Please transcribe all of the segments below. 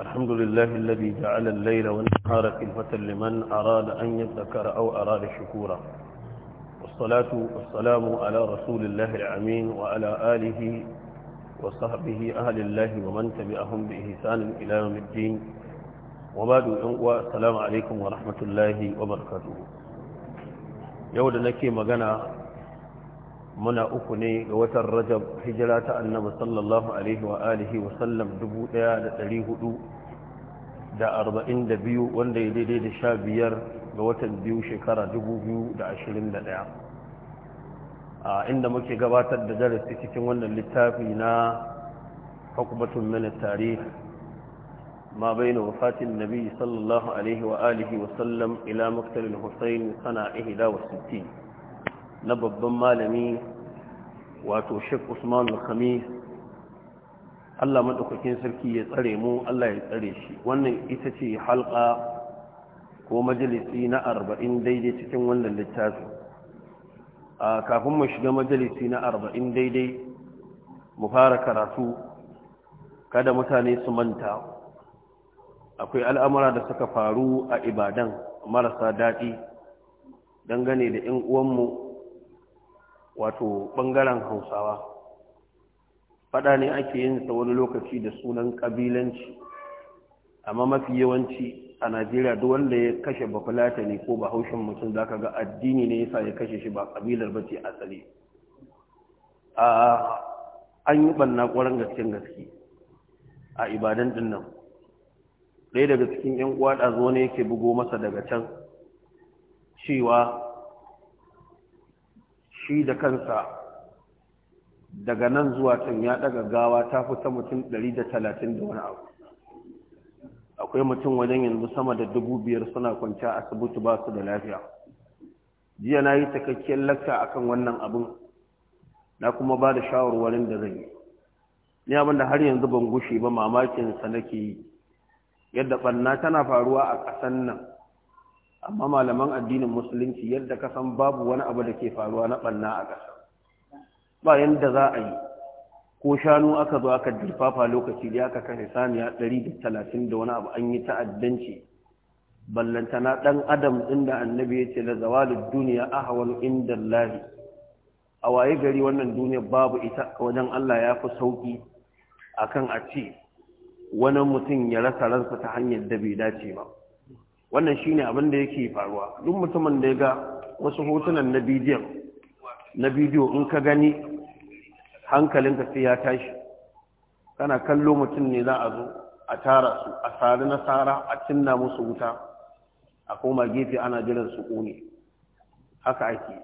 الحمد لله الذي جعل الليل والنهار خلفة لمن أراد أن يذكر أو أراد شكورا والصلاة والسلام على رسول الله الأمين وعلى آله وصحبه أهل الله ومن تبعهم بإحسان إلى يوم الدين وبعد السلام عليكم ورحمة الله وبركاته يود نكي مغنى muna uku ne ga watan rajab hijira ta annabi sallallahu alaihi wa alihi wa sallam 1442 wanda ya daidai da sha biyar ga watan biyu shekara 2021 a inda muke gabatar da darasi cikin wannan littafi na hukumatun mana tarih ما بين وفاة النبي صلى الله عليه وآله وسلم إلى مقتل الحسين سنة 61 na babban malami wato shek usman al-khamis Allah madaukakin sarki ya tsare mu Allah ya tsare shi wannan ita ce halka ko majalisi na 40 daidai cikin wannan littafi a kafin mu shiga majalisi na 40 daidai mu fara karatu kada mutane su manta akwai al'amura da suka faru a ibadan marasa daɗi dangane da ‘yan uwanmu wato ɓangaren hausawa faɗa ne ake yin sa wani lokaci da sunan ƙabilanci amma mafi yawanci a najeriya duk wanda ya kashe bafulata ne ko ba haushin mutum za ka ga addini ne yasa ya kashe shi ba ƙabilar ba ce asali a an yi ɓanna ƙwarar gaske a ibadan ɗin nan ɗaya daga cikin ƴan uwa zo ne yake bugo masa daga can cewa shi da kansa daga nan zuwa can ya daga gawa ta fita mutum 130 da wani abu akwai mutum wajen yanzu sama da dubu biyar suna kwanciya asibiti ba su da lafiya jiya na yi takakkiyar lakta akan wannan abin na kuma ba da shawarwarin da zan yi ni abin da har yanzu ban gushe ba mamakin sa nake yi yadda ɓanna tana faruwa a ƙasan nan amma malaman addinin musulunci yadda ka san babu wani abu da ke faruwa na ɓanna a ƙasa ba yadda za a yi ko shanu aka zo aka dirfafa lokaci da aka kashe saniya ɗari da talatin da wani abu an yi ta'addanci ballantana ɗan adam ɗin da annabi ya ce da zawalin duniya a hawan inda lahi a waye gari wannan duniya babu ita wajen Allah ya fi sauƙi akan a ce wani mutum ya rasa ransa ta hanyar da bai dace ba wannan shine abin da yake faruwa duk mutumin da ya ga wasu hotunan na bidiyon na bidiyo in ka gani hankalinka sai ya tashi kana kallo mutum ne za a zo a tara su a sari nasara a cinna musu wuta a koma gefe ana jiran su ƙone haka ake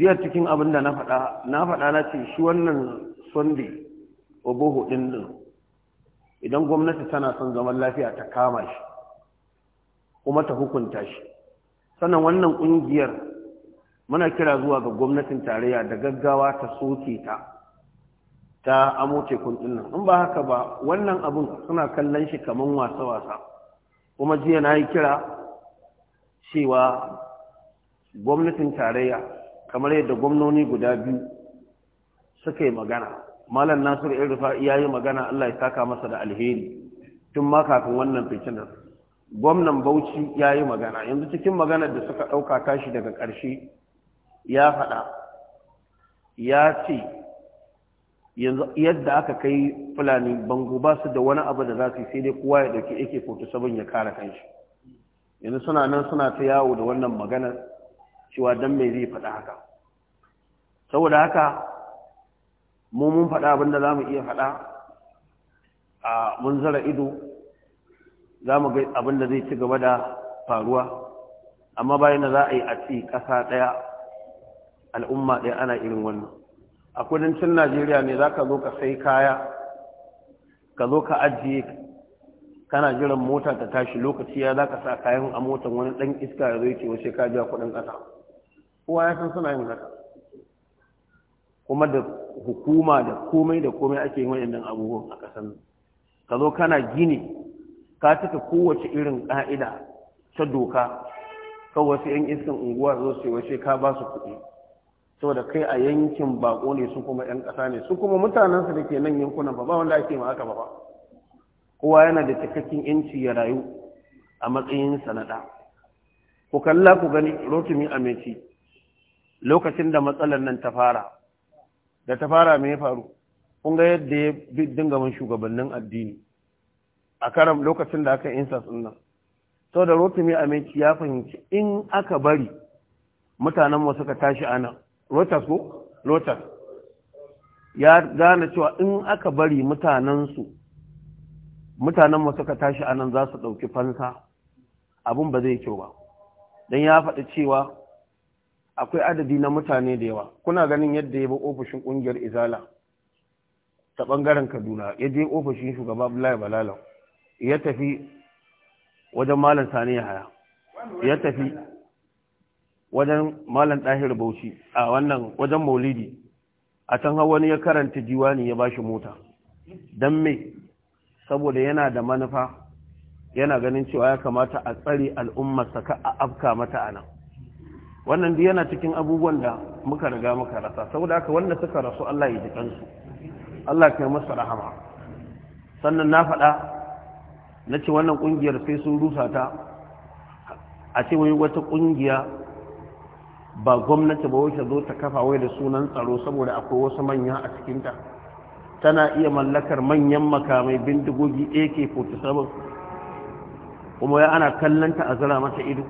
jiya cikin abin da na faɗa na faɗa na ce shi wannan sunday oboho ɗin din. idan gwamnati tana son zaman lafiya ta kama shi kuma ta hukunta shi sannan wannan ƙungiyar muna kira zuwa ga gwamnatin tarayya da gaggawa ta soke ta ta amo tekun nan. in ba haka ba wannan abin suna kallon shi kamar wasa-wasa kuma jiya na yi kira cewa gwamnatin tarayya kamar yadda gwamnoni guda biyu suka yi magana malam nasiru irin rufa'i ya yi magana allah ya saka masa da alheri tun ma kafin wannan fitinar gwamnan bauchi ya yi magana yanzu cikin maganar da suka ɗauka tashi daga ƙarshe ya faɗa ya ce yanzu yadda aka kai fulani bango ba su da wani abu da za su sai dai kowa ya ɗauki ake kotu sabon ya kare kanshi yanzu suna nan suna ta yawo da wannan maganar cewa don mai zai faɗa haka saboda haka mu mun faɗa abinda za mu iya faɗa a mun zara ido za mu ga abin da zai ci gaba da faruwa amma bayan da za a yi a ci ƙasa ɗaya al'umma ɗaya ana irin wannan a kudancin najeriya ne za ka zo ka sai kaya ka zo ka ajiye kana jiran mota ta tashi lokaci ya za ka sa kayan a motar wani ɗan iska ya zai ce wace ka biya kuɗin ƙasa kowa ya san suna yin haka kuma da hukuma da komai da komai ake yin waɗannan abubuwan a ƙasar ka zo kana gini ka cika kowace irin ƙa'ida ta doka kawai wasu 'yan iskan unguwa zo su washe ka ba su kuɗi saboda kai a yankin baƙo ne su kuma 'yan ƙasa ne su kuma mutanensu da ke nan yankunan ba ba wanda ake ma aka ba ba. kowa yana da cikakken 'yanci ya rayu a matsayin sanada ku kalla ku gani rotumi aminci lokacin da matsalar nan ta fara da ta fara ya faru kun ga yadda ya dinga man shugabannin addini a karam lokacin da aka insa sunan sau da rotimi mai ya fahimci in aka bari mutanen mu suka tashi ana rotas ko rotas ya gane cewa in aka bari mutanensu mutanen mu suka tashi anan za su ɗauki fansa abin ba zai kyau ba don ya faɗi cewa akwai adadi na mutane da yawa kuna ganin yadda ya bi ofishin ƙungiyar izala ta ɓangaren kaduna ya je ofishin shugaba Abdullahi balalau ya tafi wajen malam sani ya haya ya tafi wajen malam ɗahir bauchi a wannan wajen maulidi a can wani ya karanta ne ya bashi mota don me saboda yana da manufa yana ganin cewa ya kamata a tsare al'ummarsa ka a afka mata a nan wannan duk yana cikin abubuwan da muka riga muka rasa saboda haka wanda suka rasu Allah ya ji kansu Allah yi masa rahama sannan na faɗa na ce wannan kungiyar sai sun rusa ta a ce wai wata kungiya ba gwamnati ba wata zo ta kafa wai da sunan tsaro saboda akwai wasu manya a cikinta tana iya mallakar manyan makamai bindigogi ak-47 kuma ya ana kallanta a zira mata ido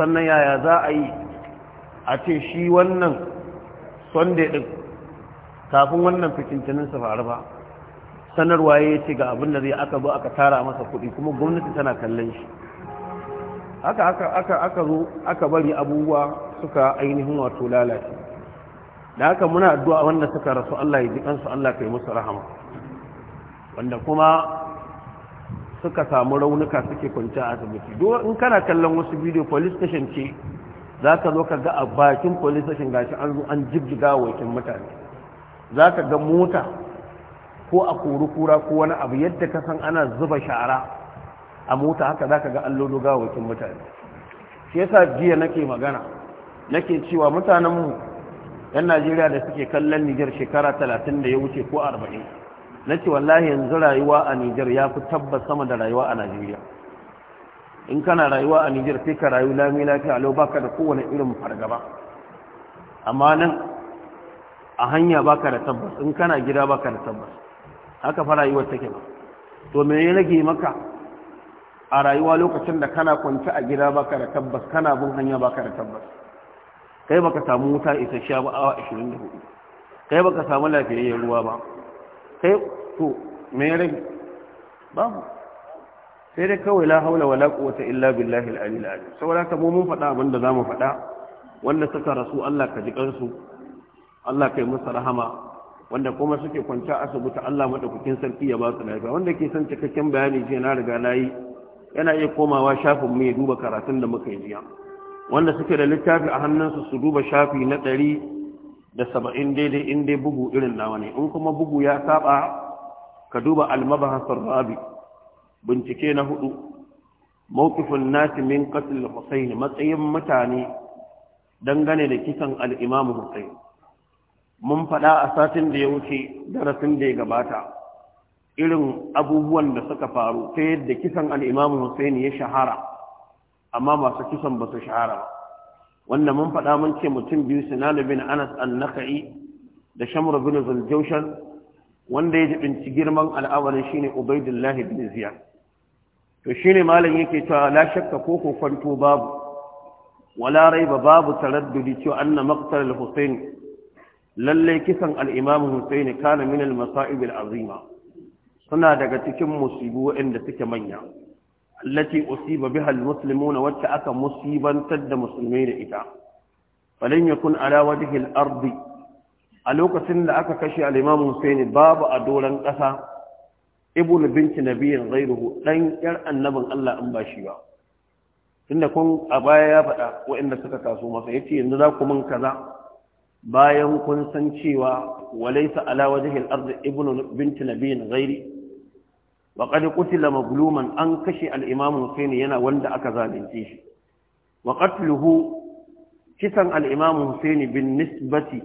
sannan yaya za a yi a ce shi wannan sunday din kafin wannan fikincinin su faru ba sanarwa ya ce ga abin da zai aka zo aka tara masa kuɗi kuma gwamnati tana kallon shi aka aka aka aka zo aka bari abubuwa suka ainihin wato lalace da haka muna addu'a wanda suka rasu Allah ya ji kansu Allah kai musu rahama wanda kuma suka samu raunuka suke kwanci a asibiti duk in kana kallon wasu bidiyo police station ce za ka zo ka ga a bakin police station gashi an zo an jibjiga wakin mutane za ka ga mota ko a kuru kura ko wani abu yadda ka san ana zuba shara a mota haka za ka ga allo doga wakin mutane shi yasa jiya nake magana nake cewa mutanen mutanenmu yan najeriya da suke kallon nijar shekara talatin da ya wuce ko arba'in na ce wallahi yanzu rayuwa a nijar ya fi tabbas sama da rayuwa a najeriya in kana rayuwa a nijar sai ka rayu lami lafiya lau baka da kowane irin fargaba amma nan a hanya baka da tabbas in kana gida baka da tabbas haka fa rayuwar take ba to me ya rage maka a rayuwa lokacin da kana kwanta a gida baka da tabbas kana bin hanya baka da tabbas kai baka samu wuta isasshiya ba awa 24 kai baka samu lafiyayyen ruwa ba kai to me ya rage babu sai dai kawai la haula wala quwwata illa billahi al-ali al-azim saboda ka mu mun faɗa abin da zamu faɗa wanda suka rasu Allah ka ji kansu Allah kai musu rahama wanda kuma suke kwance asibiti Allah madaukakin sarki ya ba su lafiya wanda ke son cikakken bayani jiya na riga layi, yana iya komawa shafin mu ya duba karatun da muka yi jiya wanda suke da littafi a hannunsu su duba shafi na ɗari da saba'in daidai in dai bugu irin nawa ne in kuma bugu ya saba ka duba almabahasar rabi bincike na hudu mawqifun nasi min qatl husayn matsayin mutane dangane da kisan al-imam husayn mun faɗa a satin da ya wuce darasin da ya gabata irin abubuwan da suka faru ta yadda kisan al'imamu Hussein ya shahara amma masu kisan ba su shahara ba wanda mun faɗa mun ce mutum biyu sinanu bin anas An Naka'i da shamra bin Zuljaushen, wanda ya jibinci girman al'awarin shine ubaidullahi bin ziyar to shine malam yake cewa la shakka ko ko kwanto babu wala raiba babu taraddudi cewa anna maqtal al-husayn lalle kisan Al'imamin imam Husaini kana min al-masa'ib azima suna daga cikin musibu waɗanda suke manya allati usiba biha al na wacce aka musibantar da musulmai da ita falan kun ala wajhi al a lokacin da aka kashe al-imam Husaini babu a doran ƙasa ibn binti nabiyin ghairuhu dan yar annabin Allah an ba shi ba tunda kun a baya ya faɗa waɗanda suka taso masa yace yanzu za ku mun kaza bayan kun san cewa walaisa ala wajhil ardi ibnu bint nabiyin ghairi wa qad qutila magluman an kashi al-imam husaini yana wanda aka zalunce shi wa qatluhu kisan al-imam husaini bin nisbati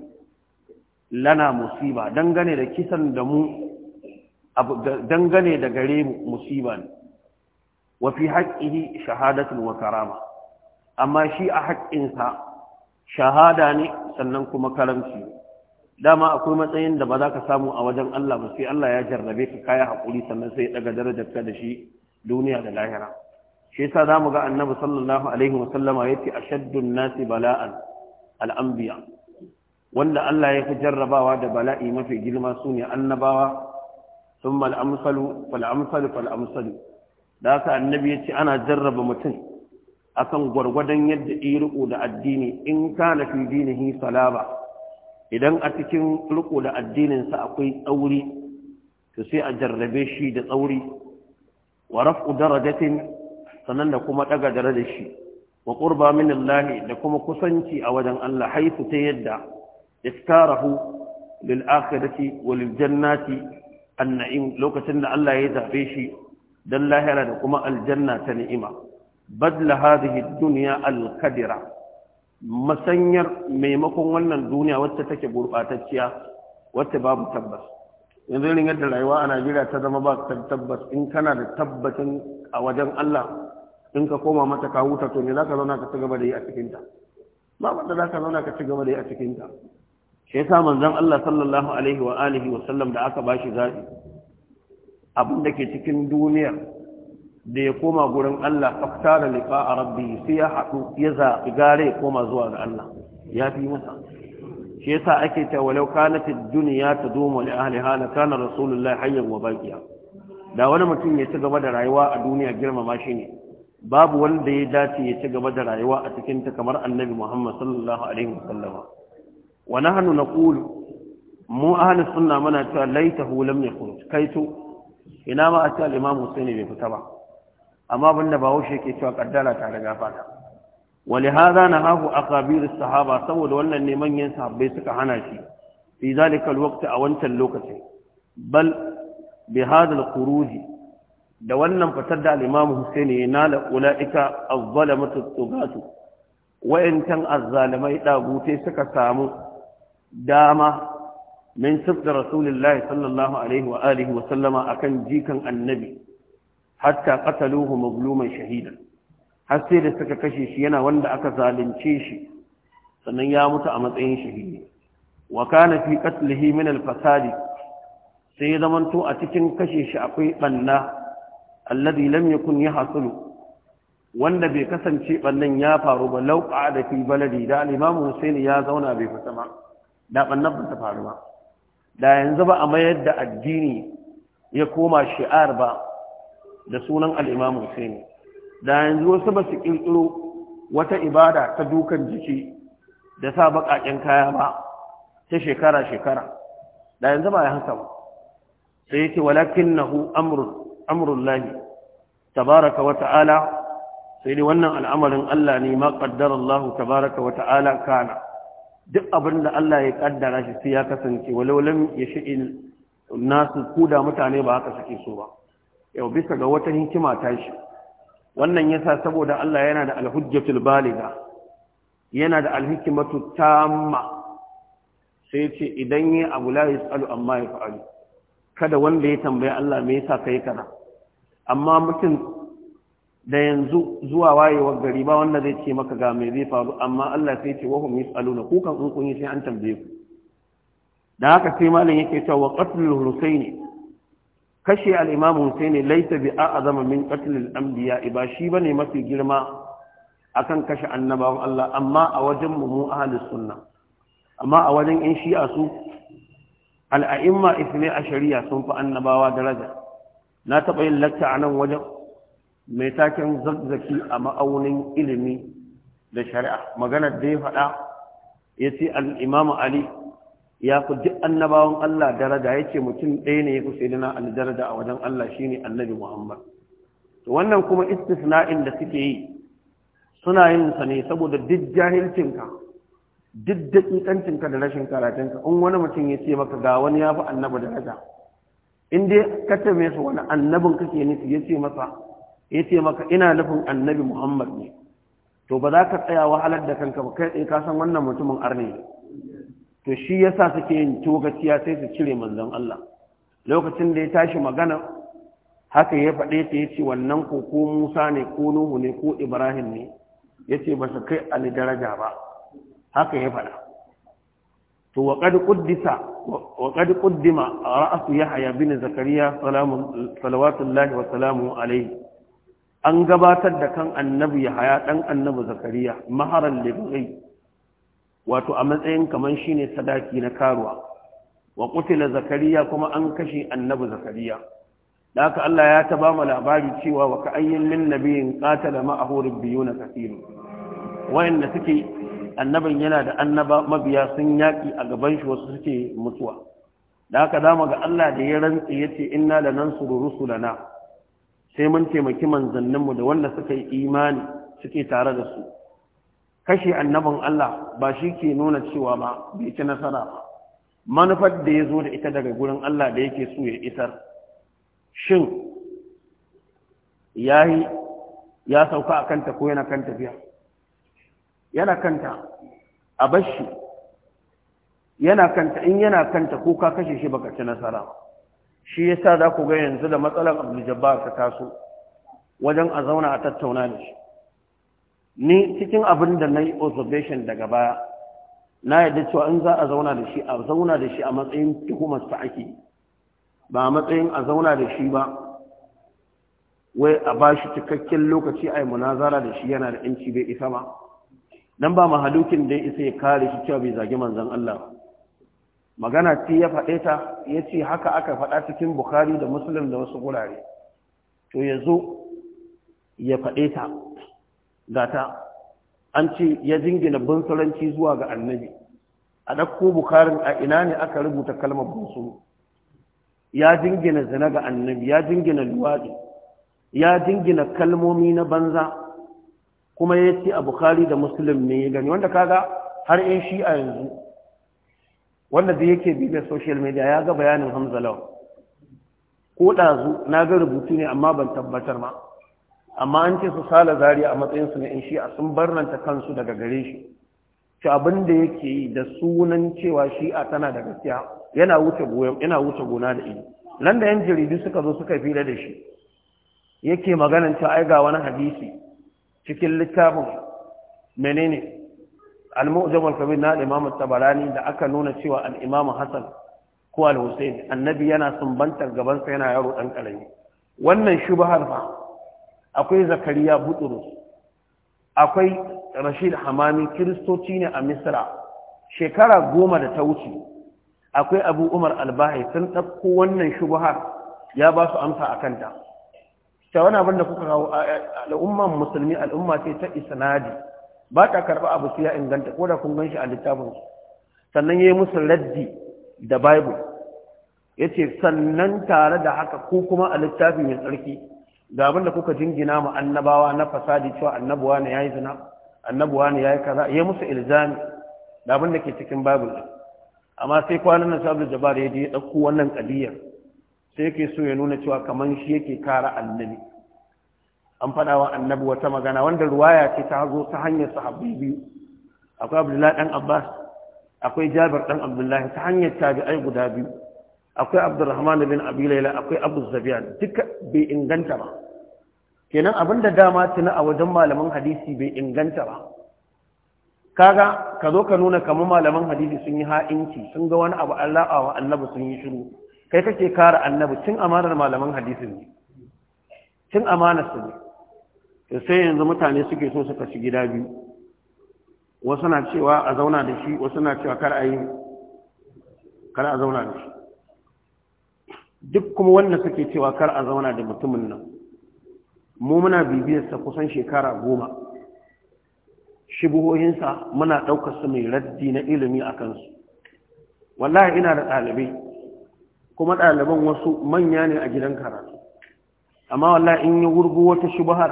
lana musiba dangane da kisan da mu dangane da gare mu musiba ne wa fi haqqihi shahadatun wa karama amma shi a haƙƙinsa shahada ne sannan kuma karamci dama akwai matsayin da ba za ka samu a wajen Allah ba sai Allah ya jarrabe ka kaya haƙuri sannan sai ya daga darajar ka da shi duniya da lahira shi yasa zamu ga annabi sallallahu alaihi wa sallama yace ashaddun nasi bala'an al-anbiya wanda Allah ya fi jarrabawa da bala'i mafi girma su ne annabawa sun amsalu, fal'amsalu amsalu. da haka annabi ya ce ana jarraba mutum akan gwargwadon yadda yi riko da addini in kana fi dinihi salaba idan a cikin riko da addininsa akwai tsauri to sai a jarrabe shi da tsauri wa raf'u darajatin sanan da kuma daga darajar shi wa qurba min Allah da kuma kusanci a wajen Allah haifu ta yadda iskarahu lil akhirati wa lil jannati an-na'im lokacin da Allah ya zabe shi dan lahira da kuma aljanna ta ni'ima badla hadhihi dunya al-kadira masanyar maimakon wannan duniya wacce take gurbatacciya wacce babu tabbas yanzu irin yadda rayuwa a Najeriya ta zama ba tabbas in kana da tabbacin a wajen Allah in ka koma mata ka huta to me zaka zauna ka ci gaba da yi a cikin ta ba wanda zaka zauna ka ci gaba da yi a cikin ta shi yasa manzon Allah sallallahu alaihi wa alihi wa sallam da aka bashi zabi abin da ke cikin duniyar da ya koma gurin Allah faktara liqa a rabbi sai ya haɗu ya zaɓi gare ya koma zuwa ga Allah ya fi masa shi yasa ake ta walau kanat ta dunya tadumu li ahliha la kana rasulullahi hayyan wa baqiya da wani mutum ya ci gaba da rayuwa a duniya girmama shi ne babu wanda ya dace ya ci gaba da rayuwa a cikin ta kamar annabi Muhammad sallallahu alaihi wasallama wa nahnu naqulu mu ahlus sunna muna cewa laitahu lam yakun kaitu ina ma a ce al-imam Husaini bai fita ba amma abinda ba haushe ke cewa kaddara ta riga fata wali hagu a kabiru sahaba saboda wannan ne manyan sahabbai suka hana shi fi zalika alwaqt a wancan lokacin bal bi hadha da wannan fitar da alimamu imam Husaini ya nala ulaika az-zalamatu tugatu wa'intan az-zalimai suka samu dama min sabda rasulullahi sallallahu alaihi wa alihi wa sallama akan jikan annabi hatta qataluhu mazluman shahida har sai da suka kashe shi yana wanda aka zalunce shi sannan ya mutu a matsayin shahidi wa kana fi qatlihi min al-fasadi sai ya zamanto a cikin kashe shi akwai banna alladhi lam yakun yahsulu wanda bai kasance bannan ya faru ba law qa'ada fi baladi da al-imam Husaini ya zauna bai fita ba, da bannan ba ta faru ba da yanzu ba a mayar da addini ya koma shi'ar ba da sunan al'imamu Hussein da yanzu wasu ba su ƙirƙiro wata ibada ta dukan jiki da sa baƙaƙen kaya ba ta shekara-shekara da yanzu ba ya haka ba sai yake walakin na hu amurin lahi tabaraka wa sai dai wannan al'amarin Allah ne ma ƙaddara Allah tabaraka wa ta'ala kana duk abin da Allah ya ƙaddara shi sai ya kasance walaulam ya shi'il nasu kuda mutane ba haka suke so ba yau bisa ga wata hikima ta shi wannan yasa saboda Allah yana da alhujjatul baliga yana da alhikimatu tamma sai ce idan yi abu la yasalu amma ya fa'alu kada wanda ya tambaye Allah me yasa kai kaza amma mutum da yanzu zuwa wayewar gari ba wanda zai ce maka ga me zai faru amma Allah sai ce wahum yasaluna ku kan kun yi sai an tambaye ku da haka sai malam yake cewa wa qatlul husaini kashe al'imamu husaini laisa bi a azama min qatlil anbiya ba shi ba ne mafi girma akan kashe annabawan Allah amma a wajen mu ahlus sunna amma a wajen in shi'a su al'a'imma isne a shari'a sun fi annabawa daraja na taɓa yin lacca a nan wajen mai taken zazzaki a ma'aunin ilimi da shari'a maganar da ya faɗa ya ce al'imamu ali ya ku duk annabawan Allah daraja ya ce mutum ɗaya ne ya fi sayyidina Ali daraja a wajen Allah shine annabi Muhammad wannan kuma istisna'in da suke yi suna yin sa ne saboda duk jahilcinka duk da rashin karatunka in wani mutum ya ce maka ga wani ya fi annabi daraja in dai ka tabe su wani annabin kake nufi ya ce masa ya maka ina nufin annabi Muhammad ne to ba za ka tsaya wahalar da kanka ba kai ka san wannan mutumin arne to shi yasa suke yin togaciya sai su cire manzon Allah lokacin da ya tashi magana haka ya faɗe ta yace wannan ko ko Musa ne ko Nuhu ne ko Ibrahim ne yace ba su kai ali daraja ba haka ya faɗa to wa qad quddisa wa qad quddima ra'su Yahya bin Zakariya salamu salawatullahi wa salamu alayhi an gabatar da kan annabi Yahya ɗan annabi Zakariya maharan libai wato a matsayin kaman shine sadaki na karuwa wa kutila zakariya kuma an kashe annabi zakariya da haka Allah ya ta mu labari cewa wa ka'ayyin min nabiyin qatala ma'ahu rabbiyuna kathirun wayanda suke annabin yana da annaba mabiya sun yaki a gaban shi wasu suke mutuwa da haka zamu ga Allah da ya rantsi yace inna lanansuru rusulana sai mun taimaki manzanninmu da wanda suka yi imani suke tare da su kashe annabin Allah ba shi ke nuna cewa ba bai ci nasara ba manufar da ya zo da ita daga gurin Allah da yake so ya isar shin yayi ya sauka a kanta ko yana kan tafiya yana kanta a bashi yana kanta in yana kanta ko ka kashe shi baka ci nasara ba shi yasa za ku ga yanzu da matsalar abdul ta taso wajen a zauna a tattauna da shi ni cikin abin da na yi observation daga baya na yadda cewa in za a zauna da shi a zauna da shi a matsayin ta ake ba a matsayin a zauna da shi ba wai a ba shi cikakken lokaci a yi munazara da shi yana da ‘yanci bai isa ba don ba mahalukin da isa ya kare shi cewa bai zagi manzan Allah magana ce ya faɗe ta ya ce haka aka faɗa cikin bukari da musulun da wasu gurare to ya zo ya faɗe ta gata an ce ya jingina bunsuranci zuwa ga annabi a ɗakko bukarin a ina ne aka rubuta kalmar bunsuru ya jingina zina ga annabi ya jingina luwaɗi ya jingina kalmomi na banza kuma ya ce a bukari da musulun ne ya gani wanda kaga har yan shi a yanzu wanda da yake bibiyar social media ya ga bayanin hamzalawa ko ɗazu na ga rubutu ne amma ban tabbatar ma amma an ce su sala zari a matsayinsu na 'yan shi'a sun barnanta kansu daga gare shi shi abin da yake yi da sunan cewa shi'a tana da gaskiya yana wuce goyon yana wuce gona da ini nan da 'yan jaridu suka zo suka fira da shi yake maganan cewa ai ga wani hadisi cikin littafin menene al-mu'jam al-kabir na imam tabarani da aka nuna cewa al-imam hasan ko al-husayn annabi yana sumbantar gaban sa yana yaro dan kalani wannan shubhar fa akwai zakariya buturus akwai rashid hamami kiristoci ne a misra shekara goma da ta wuce akwai abu umar albahi sun ɗauko wannan shubuhar ya ba su amsa a kanta ta wani abin da kuka kawo al'umman musulmi al'umma ce ta isnadi ba ta karɓa abu su ya inganta ko da kun gan shi a su. sannan ya yi musu raddi da bible ya ce sannan tare da haka ko kuma a littafin ya tsarki da abin da kuka jingina mu annabawa na fasadi cewa annabuwa ne yayi zina annabuwa ne yayi kaza ya musu ilzami da abin ke cikin babul amma sai kwanan nan sabul jabar ya je ɗauko wannan kadiyar sai yake so ya nuna cewa kaman shi yake kara annabi an faɗa wa annabi wata magana wanda ruwaya ce ta zo ta hanyar sahabbai biyu akwai abdullahi dan abbas akwai jabir dan abdullahi ta hanyar tabi'ai guda biyu akwai abdurrahman bin abi akwai abu zabiyan duka bai inganta ba kenan abinda dama tuna a wajen malaman hadisi bai inganta ba kaga ka zo ka nuna kamar malaman hadisi sun yi ha'inci sun ga wani abu Allah wa annabi sun yi shiru kai kake kare annabi cin amanar malaman hadisi ne cin amanar su ne sai yanzu mutane suke so su kashi gida biyu wasu na cewa a zauna da shi wasu na cewa kar a yi kar a zauna da shi duk kuma wanda suke cewa kar a zauna da mutumin nan mu muna bibiyarsa kusan shekara goma shibuhohinsa muna ɗaukar su mai raddi na ilimi a kansu wallahi ina da ɗalibai kuma ɗaliban wasu manya ne a gidan karatu amma wallahi in yi wurgu wata shubahar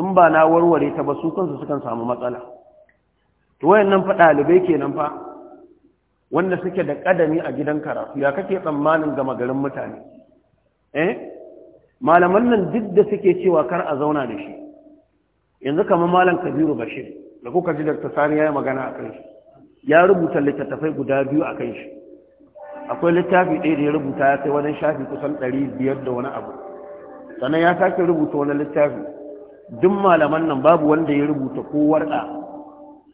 in ba na warware ta ba su kansu sukan samu matsala to nan fa ɗalibai ke nan fa wanda suke da ƙadami a gidan karatu ya kake tsammanin gama garin mutane eh malaman nan duk da suke cewa kar a zauna da shi yanzu kamar malam kabiru bashir da kuka ji dr sani ya yi magana a kan shi ya rubuta littattafai guda biyu a kan shi akwai littafi ɗaya da ya rubuta ya kai wani shafi kusan ɗari biyar da wani abu sannan ya sake rubuta wani littafi duk malaman nan babu wanda ya rubuta ko warɗa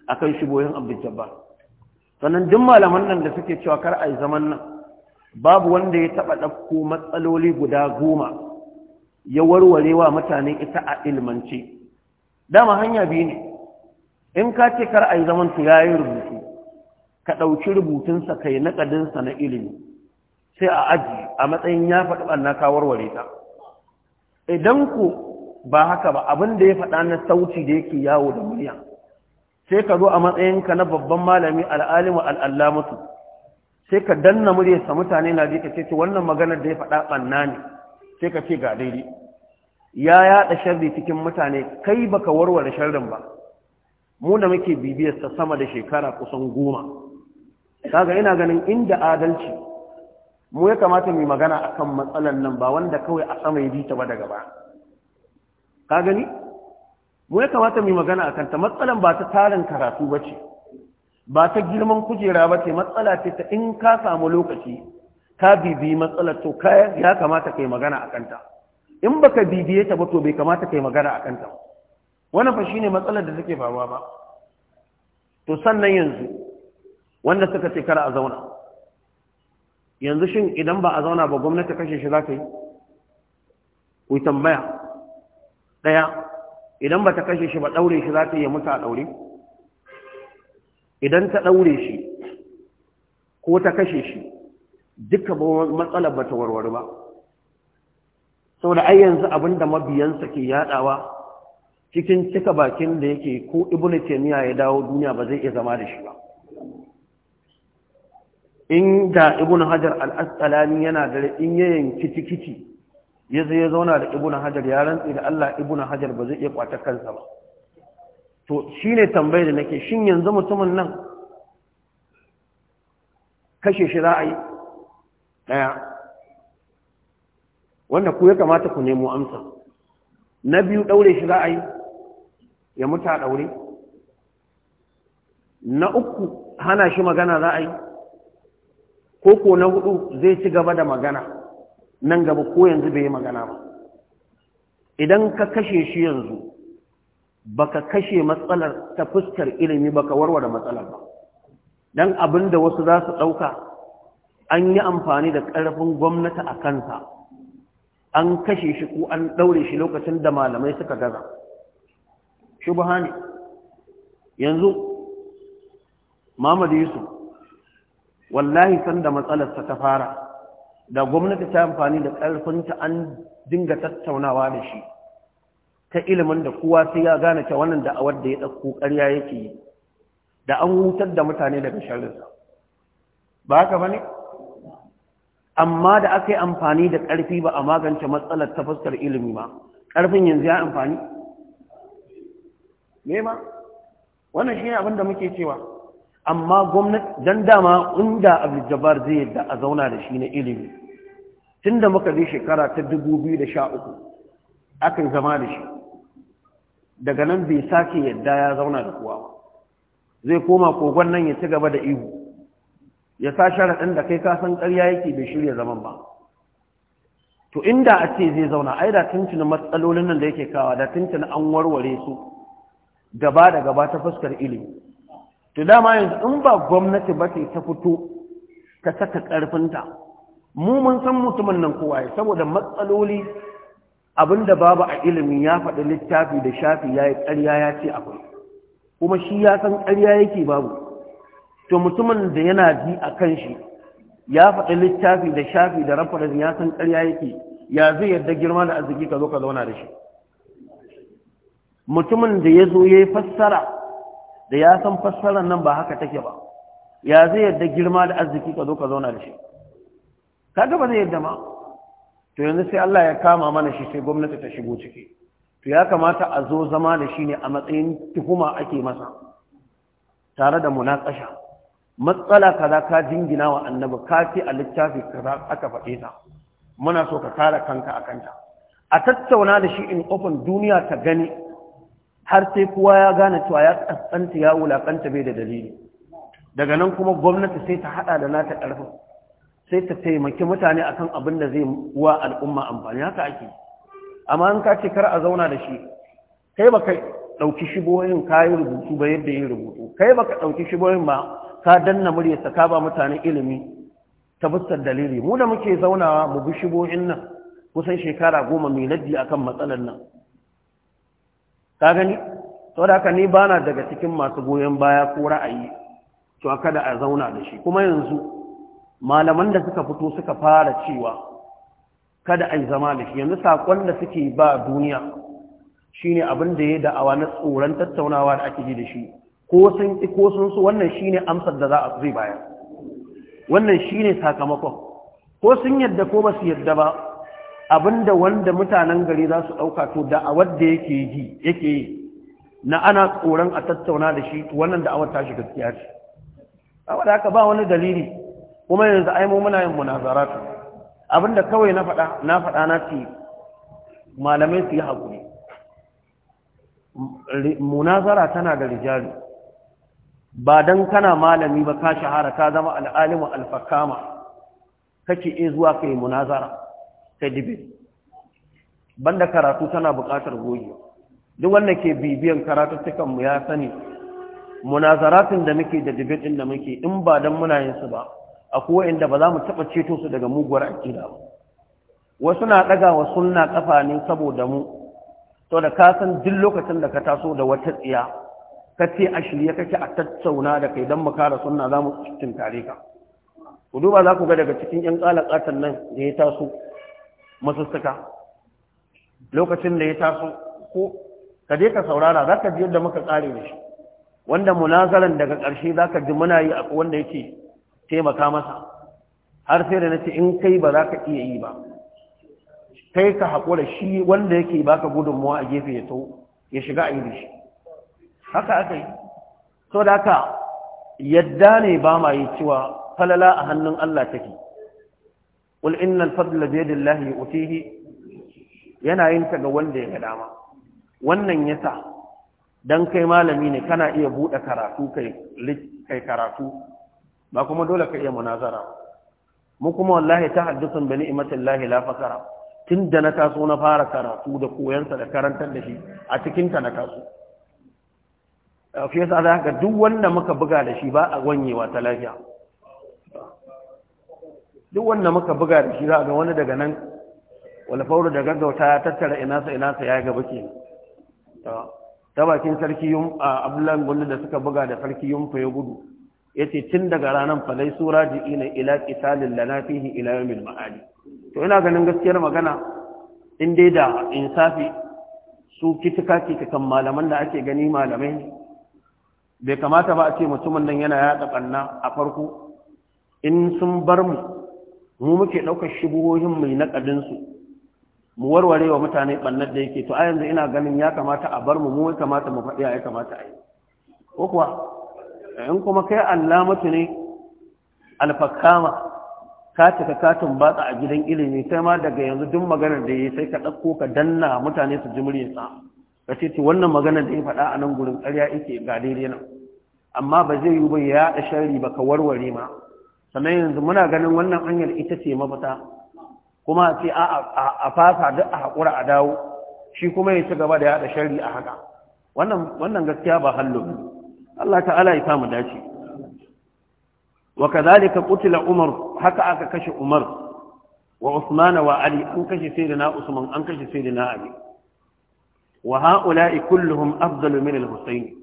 a kan shigoyin abdul sannan duk malaman nan da suke cewa kar a yi zaman nan babu wanda ya taɓa ɗauko matsaloli guda goma ya warware wa mutane ita a ilmance dama hanya biyu ne in ka ce kar a yi zaman ya yi rubutu ka ɗauki rubutunsa kai naƙadinsa na ilimi sai a aji a matsayin ya faɗi ɓanna ka warware ta idan ku ba haka ba abin da ya faɗa na sauti da yake yawo da murya sai ka zo a matsayinka na babban malami al'alimu al'allamatu sai ka danna muryarsa mutane na ka ce wannan maganar da ya faɗa ɓanna ne sai ka ce ga daidai ya yaɗa sharri cikin mutane kai baka warware sharrin ba mu da muke bibiyar sama da shekara kusan goma kaga ina ganin inda adalci mu ya kamata mu magana akan matsalan nan ba wanda kawai a sama ya ta ba daga ba ka gani mu ya kamata mu magana akan ta matsalan ba ta tarin karatu ba ce. ba ta girman kujera ba ce matsala ce ta in ka samu lokaci ka bibi matsalar to ya kamata kai magana akan ta in baka bibiye ta ba to bai kamata kai magana a kanta wannan fa shine matsalar da take faruwa ba to sannan yanzu wanda suka ce kar a zauna yanzu shin idan ba a zauna ba gwamnati kashe shi za ta yi ku tambaya ɗaya idan ba ta kashe shi ba daure shi za ta yi mutu a ɗaure idan ta ɗaure shi ko ta kashe shi duka matsalar ba ta warware ba saboda ai yanzu abin da mabiyansa ke yadawa cikin cika bakin da yake ko ibnu taymiya ya dawo duniya ba zai iya zama da shi ba in da ibnu hajar al yana da in yayin kiti ya zai zauna da ibnu hajar ya rantsi da Allah ibnu hajar ba zai iya kwata kansa ba to shi ne tambayar da nake shin yanzu mutumin nan kashe shi za a yi daya wanda ku ya kamata ku nemo amsa na biyu ɗaure shi za a yi ya mutu a ɗaure na uku hana shi magana za a yi ko ko na hudu zai ci gaba da magana nan gaba ko yanzu bai yi magana ba idan ka kashe shi yanzu baka kashe matsalar ta fuskar ilimi ka warware matsalar ba dan da wasu za su ɗauka an yi amfani da ƙarfin gwamnati a kansa an kashe shi ko an ɗaure shi lokacin da malamai suka gaza shubha yanzu mamadu Yusuf wallahi sanda matsalarsa ta fara da gwamnati ta amfani da ƙarfinta an dinga tattaunawa da shi ta ilimin da kowa sai ya gane ta wannan da'awar da ya ɗauko ƙarya yake yi da an hutar da mutane daga sharrinsa ba haka ba ne amma da aka yi amfani da ƙarfi ba a magance matsalar ta ilimi ba ƙarfin yanzu ya amfani ma wannan shi ne abin da muke cewa amma gwamnati don dama inda abdul zai yadda a zauna da shi na ilimi tun da muka je shekara ta 2013 akan zama da shi daga nan bai sake yadda ya zauna da kowa zai koma kogon nan ya ci gaba da ihu ya sa sharaɗin da kai kasan ƙarya yake bai shirya zaman ba to inda a ce zai zauna ai da tuntuna matsalolin nan da yake kawa da tuntuna an warware su gaba da gaba ta fuskar ilimi to dama yanzu in ba gwamnati ba ce ta fito ta saka ƙarfinta mu mun san mutumin nan kowa ya saboda matsaloli abin abinda babu a ilimi ya faɗi littafi da shafi ya yi ƙarya ya ce akwai kuma shi ya san ƙarya yake babu to mutumin da yana ji a kan shi ya faɗi littafi da shafi da rafarin ya san ƙarya yake ya zai yarda girma da arziki ka zo ka zauna da shi mutumin da ya zo ya yi fassara da ya san fassarar nan ba haka take ba ya zai yarda girma da arziki ka zo ka zauna da shi kaga ba zai yarda ma to yanzu sai Allah ya kama mana shi sai gwamnati ta shigo ciki to ya kamata a zo zama da shi ne a matsayin tuhuma ake masa tare da munakasha matsala kaza ka jingina wa annabi ka ce a littafi kaza aka faɗe ta muna so ka kare kanka a kanta a tattauna da shi in ofan duniya ta gani har sai kowa ya gane cewa ya tsantsanta ya wulakanta bai da dalili daga nan kuma gwamnati sai ta hada da nata ƙarfi sai ta taimaki mutane akan abin da zai wa al'umma amfani haka ake amma in ka ce kar a zauna da shi kai baka dauki shibohin kayi rubutu ba yadda yin rubutu kai baka ɗauki shibohin ba ka danna muryarsa ka ba mutanen ilimi ta fuskar dalili mu da muke zaunawa mu bi in nan kusan shekara goma mai laddi akan matsalar nan ka gani saboda haka ni ba na daga cikin masu goyon baya ko ra'ayi cewa kada a zauna da shi kuma yanzu malaman da suka fito suka fara cewa kada a yi zama da shi yanzu saƙon da suke ba duniya shine abin da ya da'awa na tsoron tattaunawa da ake ji da shi ko sun ko sun so wannan shine amsar da za a zai bayar wannan shine sakamakon ko sun yadda ko ba su yadda ba abinda wanda mutanen gari za su dauka to da a wanda yake yi yake yi na ana tsoron a tattauna da shi wannan da awar tashi gaskiya ce wanda haka ba wani dalili kuma yanzu ai mu muna yin munazaratu abinda kawai na faɗa na faɗa na ce malamai su yi haƙuri munazara tana da rijali ba dan kana malami ba ka shahara ka zama al'alimu alfakama kake iya zuwa kai munazara kai dibit banda karatu tana buƙatar goge, duk wanda ke bibiyan karatuttukan mu ya sani munazaratin da muke da dibit din da muke in ba dan muna yin su ba akwai inda ba za mu taɓa ceto su daga muguwar akida ba wasu na ɗaga wa sunna ƙafa ne saboda mu to da ka san duk lokacin da ka taso da wata tsiya ka ce a shirye kake a tattauna da kai don makara sunna za mu cikin tare ka ku duba za ku ga daga cikin yan kalakatan nan da ya taso masussuka lokacin da ya taso ko ka je ka saurara za ka ji yadda muka tsare da shi wanda munazaran daga ƙarshe za ka ji muna yi a wanda yake taimaka masa har sai da na ce in kai ba za ka iya yi ba kai ka haƙura shi wanda yake baka gudunmawa a gefe ya to ya shiga a yi da shi haka aka yi so da haka yadda ne ba ma yi cewa falala a hannun Allah take qul innal fadla biyadillahi utihi. yana yin ta ga wanda ya ga dama wannan yasa dan kai malami ne kana iya bude karatu kai kai karatu ba kuma dole ka iya munazara mu kuma wallahi tahaddusun bi ni'matillahi la fakara tun da na taso na fara karatu da koyansa da karantar da shi a cikinta na taso fiye sa za ka duk wanda muka buga da shi ba a wanyewa ta lafiya duk wanda muka buga da shi za a ga wani daga nan Wani fauru da gaggauta ya tattara inasa inasa ya gaba ke ta bakin sarki yun a abdullahi gundu da suka buga da sarki yun fa gudu ya ce tun daga ranar falai sura ina ila qitalin lana fihi ila mil ma'adi to ina ganin gaskiyar magana in dai da insafi su kitika kitikan malaman da ake gani malamai bai kamata ba a ce mutumin nan yana yaɗa ɓanna a farko in sun bar mu mu muke ɗaukar shigohin mai naƙadinsu mu warware wa mutane ɓannar da yake to a yanzu ina ganin ya kamata a bar mu mu kamata mu faɗi ya kamata a yi ko kuwa in kuma kai allamatu ne alfakama ka cika katin batsa a gidan ilimi sai ma daga yanzu duk maganar da yi sai ka ɗauko ka danna mutane su ji muryarsa ka ce ce wannan magana da ya faɗa a nan gurin ƙarya yake ga daidai nan amma ba zai yi ba ya da shari ba ka warware ma sannan yanzu muna ganin wannan hanyar ita ce mafita kuma ce a fasa duk a haƙura a dawo shi kuma ya ci gaba da yaɗa shari a haka wannan gaskiya ba hallo Allah ta'ala ya samu dace wa kadhalika qutila umar haka aka kashe umar wa usman wa ali an kashe sayyidina usman an kashe sayyidina ali wa ha'ula'i kulluhum afdalu min al-husayn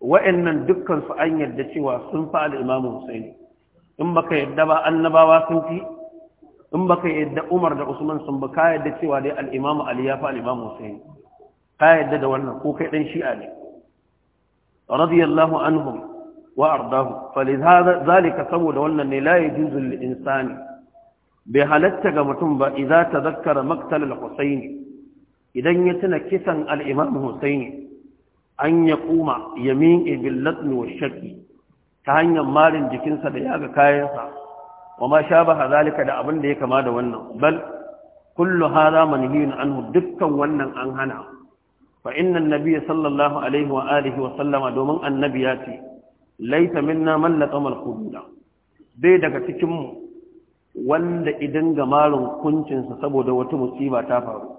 wa'annan an yarda cewa sun fa al-imamu in baka yarda ba annabawa sun fi in baka yarda Umar da Usman sun ba ka yarda cewa dai al Ali ya fa al-imamu ka yarda da wannan ko kai dan shi'a ne radiyallahu wa saboda wannan ne la yajuzu insani bai halarta ga mutum ba idza tadhakkara maqtal al idan ya tuna kisan al'imam Hussaini, an ya kuma ya miƙe billatni wa ta hanyar marin jikinsa da yaga kayansa wa ma sha ba da abin da ya kama da wannan bal kullu hada hin anhu dukkan wannan an hana fa inna annabiyya sallallahu alaihi wa alihi wa sallama domin annabi ya ce laita minna man laqama bai daga cikin mu wanda idan gamarin kuncinsa saboda wata musiba ta faru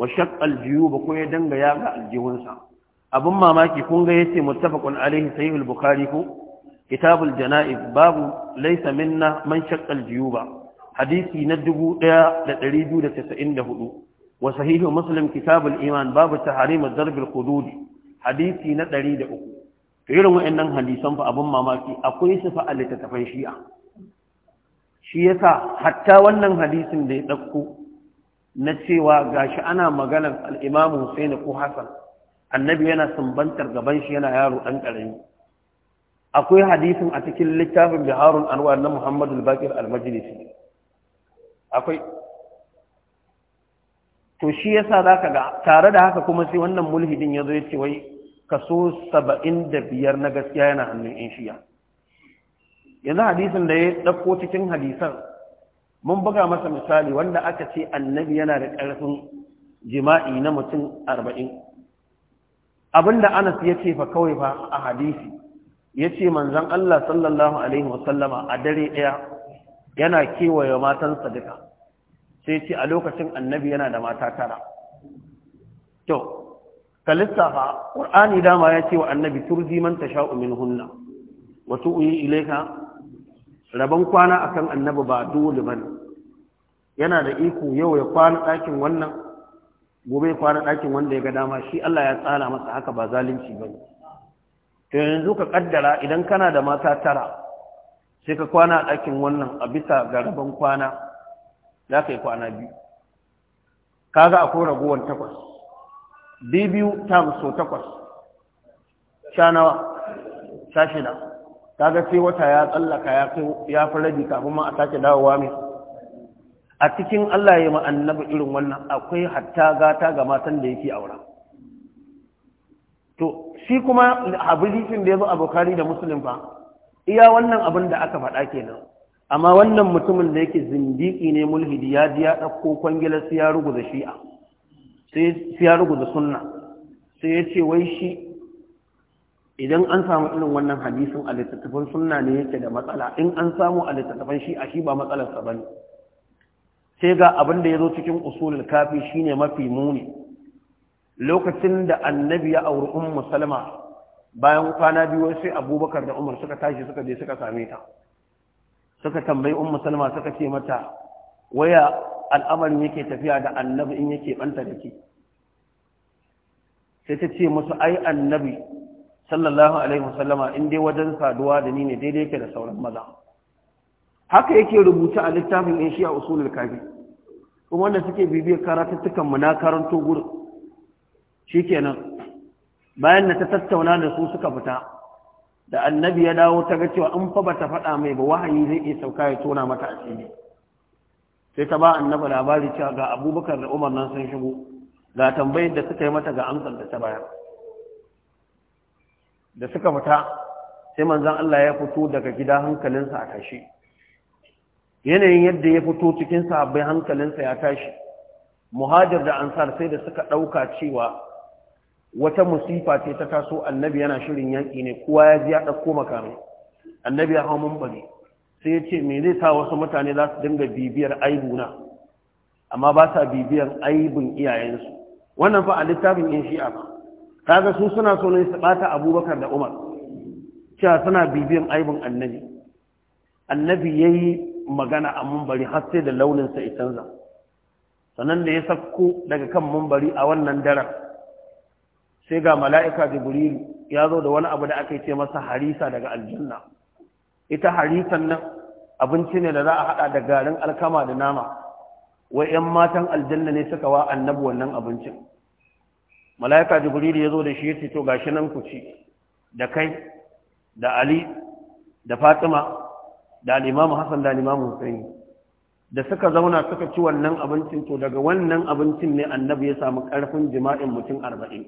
wa al ko ya danga ya ga aljihunsa abun mamaki kun ga yace muttafaqun alaihi sahih al-bukhari ko kitab al-janaiz babu laysa minna man al hadisi na 1294 wa sahih muslim kitab al-iman babu tahrim ad-darb al-hudud hadisi na 103 to irin wayannan hadisan fa abun mamaki akwai su fa shi'a shi yasa hatta wannan hadisin da ya dauko na cewa gashi ana maganar al'imamu na ko Hassan annabi yana sumbantar gaban shi yana yaro ɗan ƙarami akwai hadisin a cikin littafin da harun anwar na Muhammadu Bakir al-Majlisi akwai to shi ya sa za ka ga tare da haka kuma sai wannan mulhidin yazo ya ce wai kaso saba'in da biyar na gaskiya yana hannun in shiya yanzu hadisin da ya ɗauko cikin hadisan mun buga masa misali wanda aka ce annabi yana da ƙarfin jima'i na mutum arba'in abinda anas ya ce fa kawai fa a hadisi ya ce manzan Allah sallallahu alaihi wasallama a dare ɗaya yana kewaye matansa duka sai ce a lokacin annabi yana da mata tara to ka lissafa ƙur'ani dama ya ce wa annabi turji man tasha'u min hunna wa tu'yi ilayka rabon kwana akan annabi ba dole ba yana da iko yau ya kwana ɗakin wannan gobe ya kwana ɗakin wanda ya ga dama shi Allah ya tsara masa haka ba zalunci ba. to yanzu ka kaddara idan kana da mata tara sai ka kwana a ɗakin wannan a bisa ga rabon kwana za ka yi kwana biyu kaga akwai ragowar takwas biyu ta so takwas sha nawa sha shida kaga sai wata ya tsallaka ya kai ya fi rabi kafin ma a sake dawowa mai a cikin Allah ya annabi irin wannan akwai hatta gata ga matan da yake aura to shi kuma hadisin da ya zo a Bukhari da Muslim fa iya wannan abin da aka faɗa kenan amma wannan mutumin da yake zindiki ne mulhidi ya ji ya ɗauko kwangilar sai ya ruguza shi'a sai ya ruguza sunna sai ya ce wai shi idan an samu irin wannan hadisin a littattafan sunna ne yake da matsala in an samu a littattafan shi a shi ba matsalarsa ba ne sai ga abin da ya zo cikin usulul kafi shine mafi muni lokacin da annabi ya auri ummu salama bayan kwana biyu sai abubakar da umar suka tashi suka je suka same ta suka tambayi ummu salama suka ce mata waya al'amarin yake tafiya da annabi in yake banta da ke sai ta ce musu ai annabi sallallahu alaihi wasallama in dai wajen saduwa da ni ne daidai yake da sauran maza haka yake rubuta a littafin in shi a usulul kafi kuma wanda suke bibiyar karatuttukan mu na karanto gurin shikenan bayan na ta tattauna da su suka fita da annabi ya dawo ta ga cewa an fa bata faɗa mai ba wahayi zai iya sauka ya tona mata asiri sai ta ba annabi labari cewa ga abubakar da umar nan sun shigo ga tambayar da suka yi mata ga amsar da ta bayar da suka fita sai manzan Allah ya fito daga gida hankalinsa a tashi yanayin yadda ya fito cikin sahabbai hankalinsa ya tashi muhajir da ansar sai da suka ɗauka cewa wata musifa ce ta taso annabi yana shirin yanki ne kowa ya ji ya ɗauko makamai annabi ya hau mambari sai ya ce me zai sa wasu mutane za su dinga bibiyar aibuna amma ba sa bibiyar aibun iyayensu wannan fa a littafin yin shi'a ba kaga su suna so ne su bata abubakar da umar cewa suna bibiyan aibin annabi annabi ya yi magana a mumbari har sai da launinsa ya canza sannan da ya sakko daga kan mumbari a wannan daren sai ga mala'ika jibrilu ya zo da wani abu da aka ce masa harisa daga aljanna ita harisan nan abinci ne da za a hada da garin alkama da nama wai 'yan matan aljanna ne suka wa annabi wannan abincin mala'ika jibril ya zo da shi ya ce to gashi nan ku ci da kai da ali da fatima da al-imamu hassan da al-imamu husaini da suka zauna suka ci wannan abincin to daga wannan abincin ne annabi ya samu karfin jima'in mutum arba'in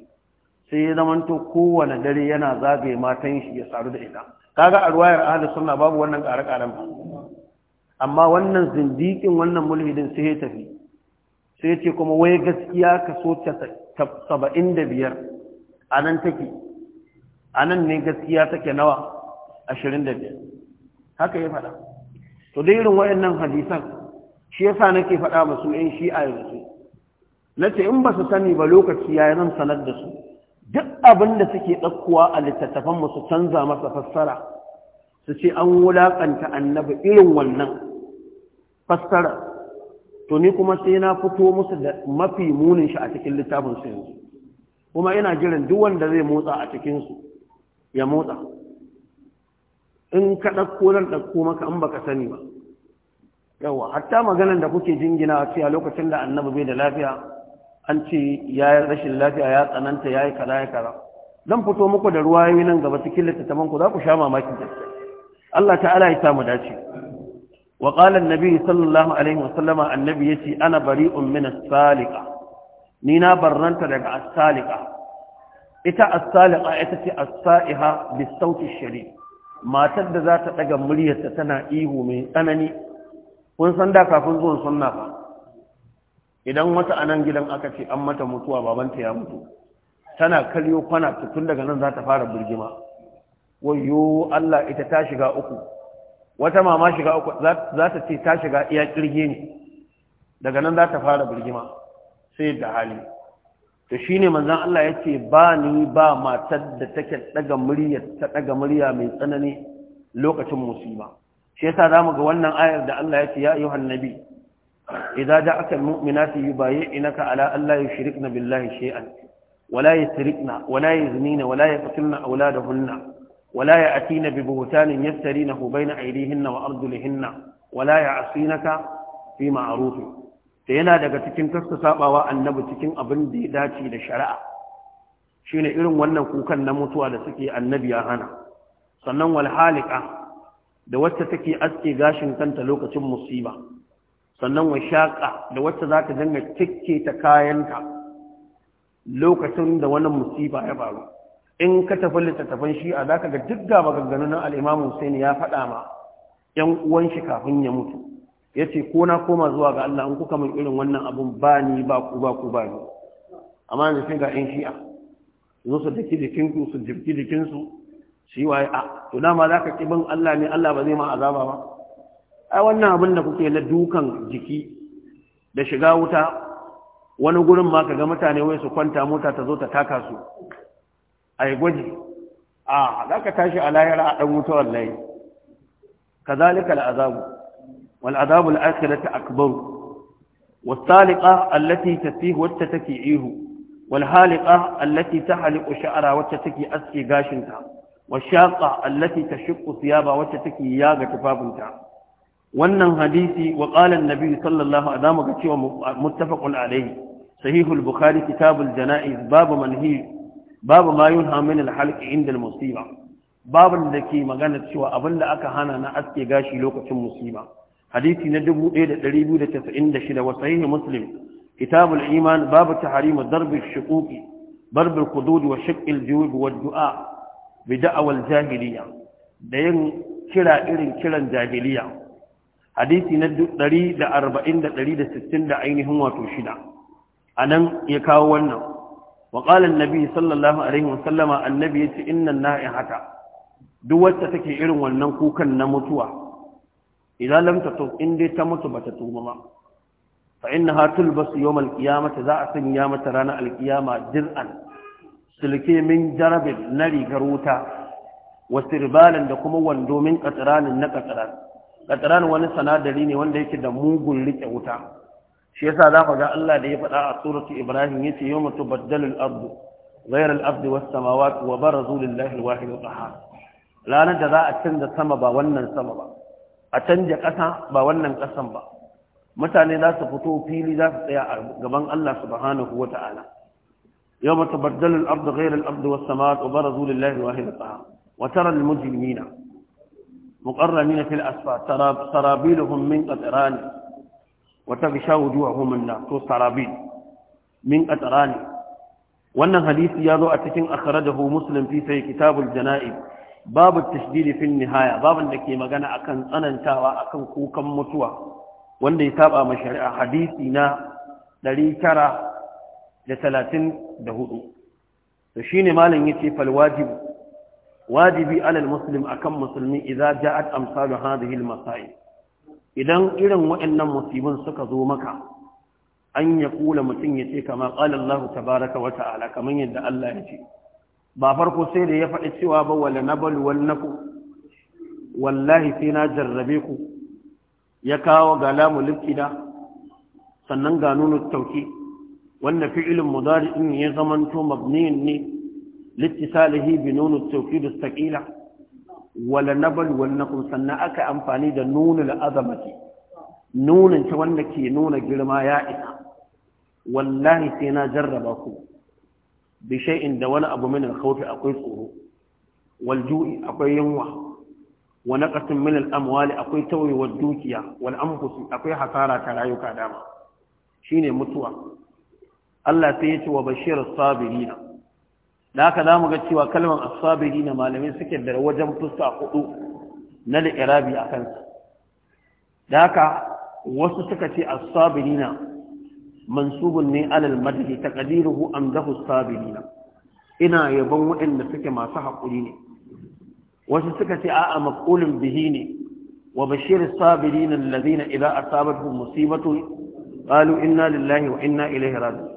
sai ya zamanto kowane dare yana zagaye matan shi ya saru da ita kaga a ruwayar ahli sunna babu wannan ƙare-ƙaren amma wannan zindiƙin wannan mulhidin sai ya tafi sai ya ce kuma wai gaskiya ka kaso saba'in da biyar a nan take a nan ne gaskiya take nawa ashirin da biyar haka ya faɗa to da irin wayannan hadisan shi yasa nake faɗa masu yan shi'a yanzu na ce in ba su sani ba lokaci ya yi zan sanar da su duk abin da suke ɗaukowa a littattafan su canza masa fassara su ce an wulaƙanta annabi irin wannan fassara to ni kuma sai na fito musu da mafi munin shi a cikin littafin su yanzu kuma ina jiran duk wanda zai motsa a cikin su ya motsa in ka ɗauko nan ɗauko maka in baka sani ba yawa hatta maganar da kuke jingina a cewa lokacin da annabi bai da lafiya an ce ya yi rashin lafiya ya tsananta ya yi kara, ya kara. zan fito muku da ruwa yi nan gaba cikin littattafan ku za ku sha mamakin Allah ta'ala ya samu dace wa qala annabi sallallahu alaihi wasallam annabi yace ana bari'un min salika ni na barranta daga as ita as ita ce as-sa'iha sauti shari matar da za ta daga muryarta tana ihu mai tsanani kun san da kafin zuwan sunna fa idan wata nan gidan aka ce an mata mutuwa babanta ya mutu tana karyo kwana tun daga nan za ta fara birgima wayo Allah ita ta shiga uku wata mama shiga uku za ta ce ta shiga iya kirge ne daga nan za ta fara birgima sai da hali to shine mazan Allah yace ba ni ba matar da take daga murya ta daga murya mai tsanani lokacin musiba shi yasa zamu ga wannan ayar da Allah ce ya ayyuhan nabi idza ja'aka almu'minatu yubayyi'unaka ala an la yushrikna billahi shay'an wala ya ولا يزنين ولا da أولادهن ولا يأتين ببهتان يفترينه بين أيديهن وأرجلهن ولا يعصينك في معروف yana daga cikin kasta sabawa annabi cikin abin da ya dace da shari'a shine irin wannan kukan na mutuwa da suke annabi ya hana sannan wal halika da wacce take aske gashin kanta lokacin musiba sannan wa shaqa da wacce za ta dinga cikke ta kayanta lokacin da wani musiba ya faru in ka tafi littattafan shi a zaka ga duk ga maganganu na al-Imam ya faɗa ma 'yan uwan shi kafin ya mutu yace ko na koma zuwa ga Allah in kuka min irin wannan abun ba ni ba ku ba ku ba ni amma da sai ga 'yan shi'a zo su daki jikin ku su jibki jikin su shi waye a to dama zaka ki bin Allah ne Allah ba zai ma azaba ba ai wannan abin da kuke na dukan jiki da shiga wuta wani gurin ma ga mutane wai su kwanta mota ta zo ta taka su a yi gwaji a za ka tashi a lahira a ɗan mutuwar wallahi ka zalika al'azabu wal'azabu al'akirata akbaru والسالقة التي تسيه وتتكئيه والهالقة take تحلق شعرها وتتكي أسكي غاشنتها والشاقة التي تشق ثيابها ya ياغ كفابنتها wannan hadisi wa ƙalan annabi sallallahu alaihi wasallam ga cewa muttafaqun alaihi sahihul bukhari kitabul janaiz babu manhi babu ma yun hamin alhalki inda musiba babu da ke magana cewa abin da aka hana na aske gashi lokacin musiba hadisi na 1296 wa sahihi muslim kitabul iman babu tahrim darb ash-shuquq darb al-qudud wa shaqq al-juyub wa ad-du'a bi da'wa al-jahiliyya kira irin kiran jahiliyya hadisi na 140 da 160 da ainihin wato shida ya kawo wannan wa qala annabi sallallahu alaihi wa sallama annabi yace innan na'ihata duk wacce take irin wannan kukan na mutuwa idan lam ta to in dai ta mutu bata tuba ma fa innaha tulbasu yawm alqiyamati za a sanya mata ranar alqiyama dir'an silke min jarabin na rigar wuta wa sirbalan da kuma wando min katsiranin na katsiran katsiran wani sanadari ne wanda yake da mugun rike wuta shi yasa za mu ga Allah da ya faɗa a suratu Ibrahim yace yawma tubaddalu al-ardu ghayra al ardu was-samawati wa barazu lillahi al-wahid al-ahad ranar da za a canza sama ba wannan sama ba a canja kasa ba wannan kasan ba mutane za su fito fili za su tsaya a gaban Allah subhanahu wa ta'ala yawma tubaddalu al-ardu ghayra al ardu was-samawati wa barazu lillahi al-wahid al qahhar wa tara al-mujrimina muqarramina fil asfa sarabiluhum min qatran wata gisha wujuwa hominna to sarabi min ƙatarani wannan hadisi ya zo a cikin akharajahu muslim fi sai kitabul jana'ib babu tashdidi fil nihaya babin da ke magana akan tsanantawa akan kukan mutuwa wanda ya saba ma shari'a hadisi na 934 to shine malam yace fal wajib wajibi alal muslim akan musulmi idza ja'at amsalu hadhihi al masa'ib idan irin waɗannan musibin suka zo maka an ya kula mutum ya ce kama ƙalallahu tabaraka wata ala, kamar yadda Allah ya ce ba farko sai da ya faɗi cewa ba wala na ku. wallahi sai na jarrabe ku ya kawo ga lamu lifkida sannan ga nunu tauki wanda fi'ilin mudari'in ya zamanto mabniyin ne littisalihi bi nuna tauki da saƙila wala nabal wannakum sannan aka amfani da nunul azamati nunin ta wanda ke nuna girma ya isa wallahi sai na jarraba ku bi shay'in wani abu min al akwai tsoro wal ju'i akwai yunwa wa naqatin min al-amwali akwai tawayewar dukiya wal anfus akwai hasara ta rayuka dama shine mutuwa Allah sai ya ce wa bashir sabirina da haka za mu ga cewa kalmar asabiri na malamai suke da wajen fuska hudu na li'irabi a kansa da haka wasu suka ce asabiri na mansubun ne alal madadi ta kadiruhu amdahu sabiri na ina yabon waɗanda suke masu haƙuri ne wasu suka ce a'a maqulun bihi ne wa bashir sabirin alladhina idza asabatuhum musibatu qalu inna lillahi wa inna ilaihi raji'un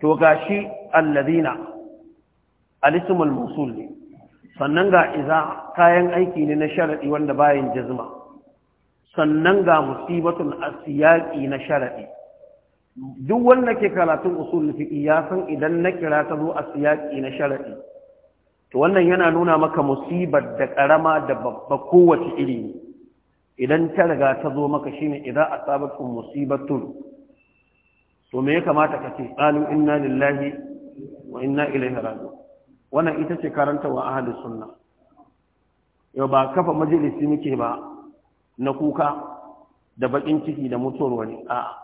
to gashi alladhina alismul mawsul ne sannan ga iza kayan aiki ne na sharadi wanda bayan jazma sannan ga musibatun asiyaki na sharadi duk wanda ke karatun usul fiqh ya san idan na kira ta zo asiyaki na sharadi to wannan yana nuna maka musibar da karama da babba kowace iri ne idan ta riga ta zo maka shine idan asabatun musibatun to me ya kamata ka ce qalu inna lillahi wa inna ilaihi raji'un wannan ita ce karanta wa ahli sunna yau ba kafa majalisi muke ba na kuka da bakin ciki da mutuwar wani a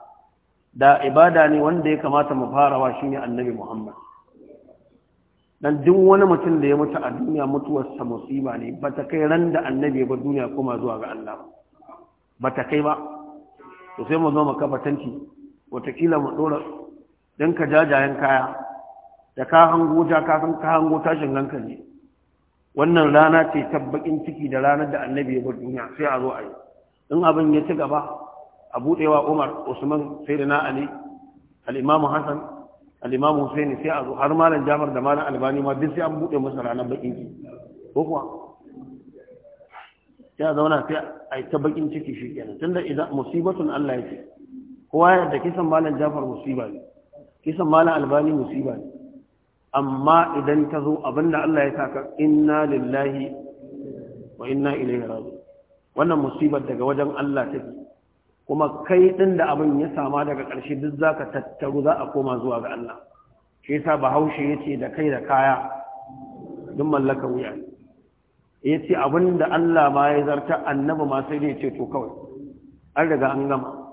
da ibada ne wanda ya kamata mu farawa shine annabi Muhammad dan duk wani mutum da ya mutu a duniya mutuwar sa musiba ne bata kai ran da annabi ba duniya kuma zuwa ga Allah bata kai ba to sai mu zo mu kafa tanti watakila mu dora dan ka jajayen kaya da ka hango ja ka san ka hango tashin hankali wannan rana ce tabbakin ciki da ranar da annabi ya bar duniya sai a zo a yi in abin ya ci gaba a buɗewa umar usman sai da na ali al'imamu hassan al'imamu hussein sai a zo har malam jamar da malam albani ma duk sai an buɗe masa ranar bakin ciki ko kuwa ya zauna sai a yi ta bakin ciki shi kenan tunda idan musibatun allah ya ce kowa da kisan malam jafar musiba ne kisan malam albani musiba ne amma idan ta zo abinda Allah ya saka inna lillahi wa inna ilaihi raji'un wannan musibar daga wajen Allah take kuma kai din da abin ya sama daga ƙarshe duk zaka tattaru za a koma zuwa ga Allah shi yasa bahaushe yace da kai da kaya duk mallaka wuya yace abinda Allah ma ya zarta annabi ma sai ne ce to kawai an riga an gama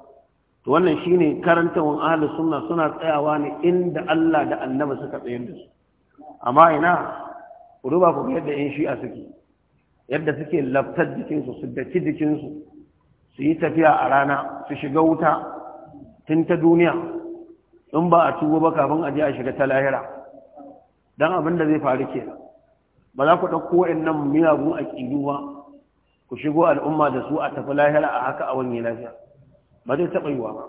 to wannan shine karantawan ahlus sunna suna tsayawa ne inda Allah da Annabi suka tsayar da su amma ina ruba ku yadda shi a suke yadda suke laftar jikinsu su daki jikinsu su yi tafiya a rana su shiga wuta tun ta duniya in ba a tuwo ba kafin a je a shiga ta lahira Dan abin da zai faru ke ba za ku ɗauko waɗannan miyagun aƙidu ba ku shigo al'umma da su a tafi lahira a haka a wani lafiya ba zai taɓa wa ba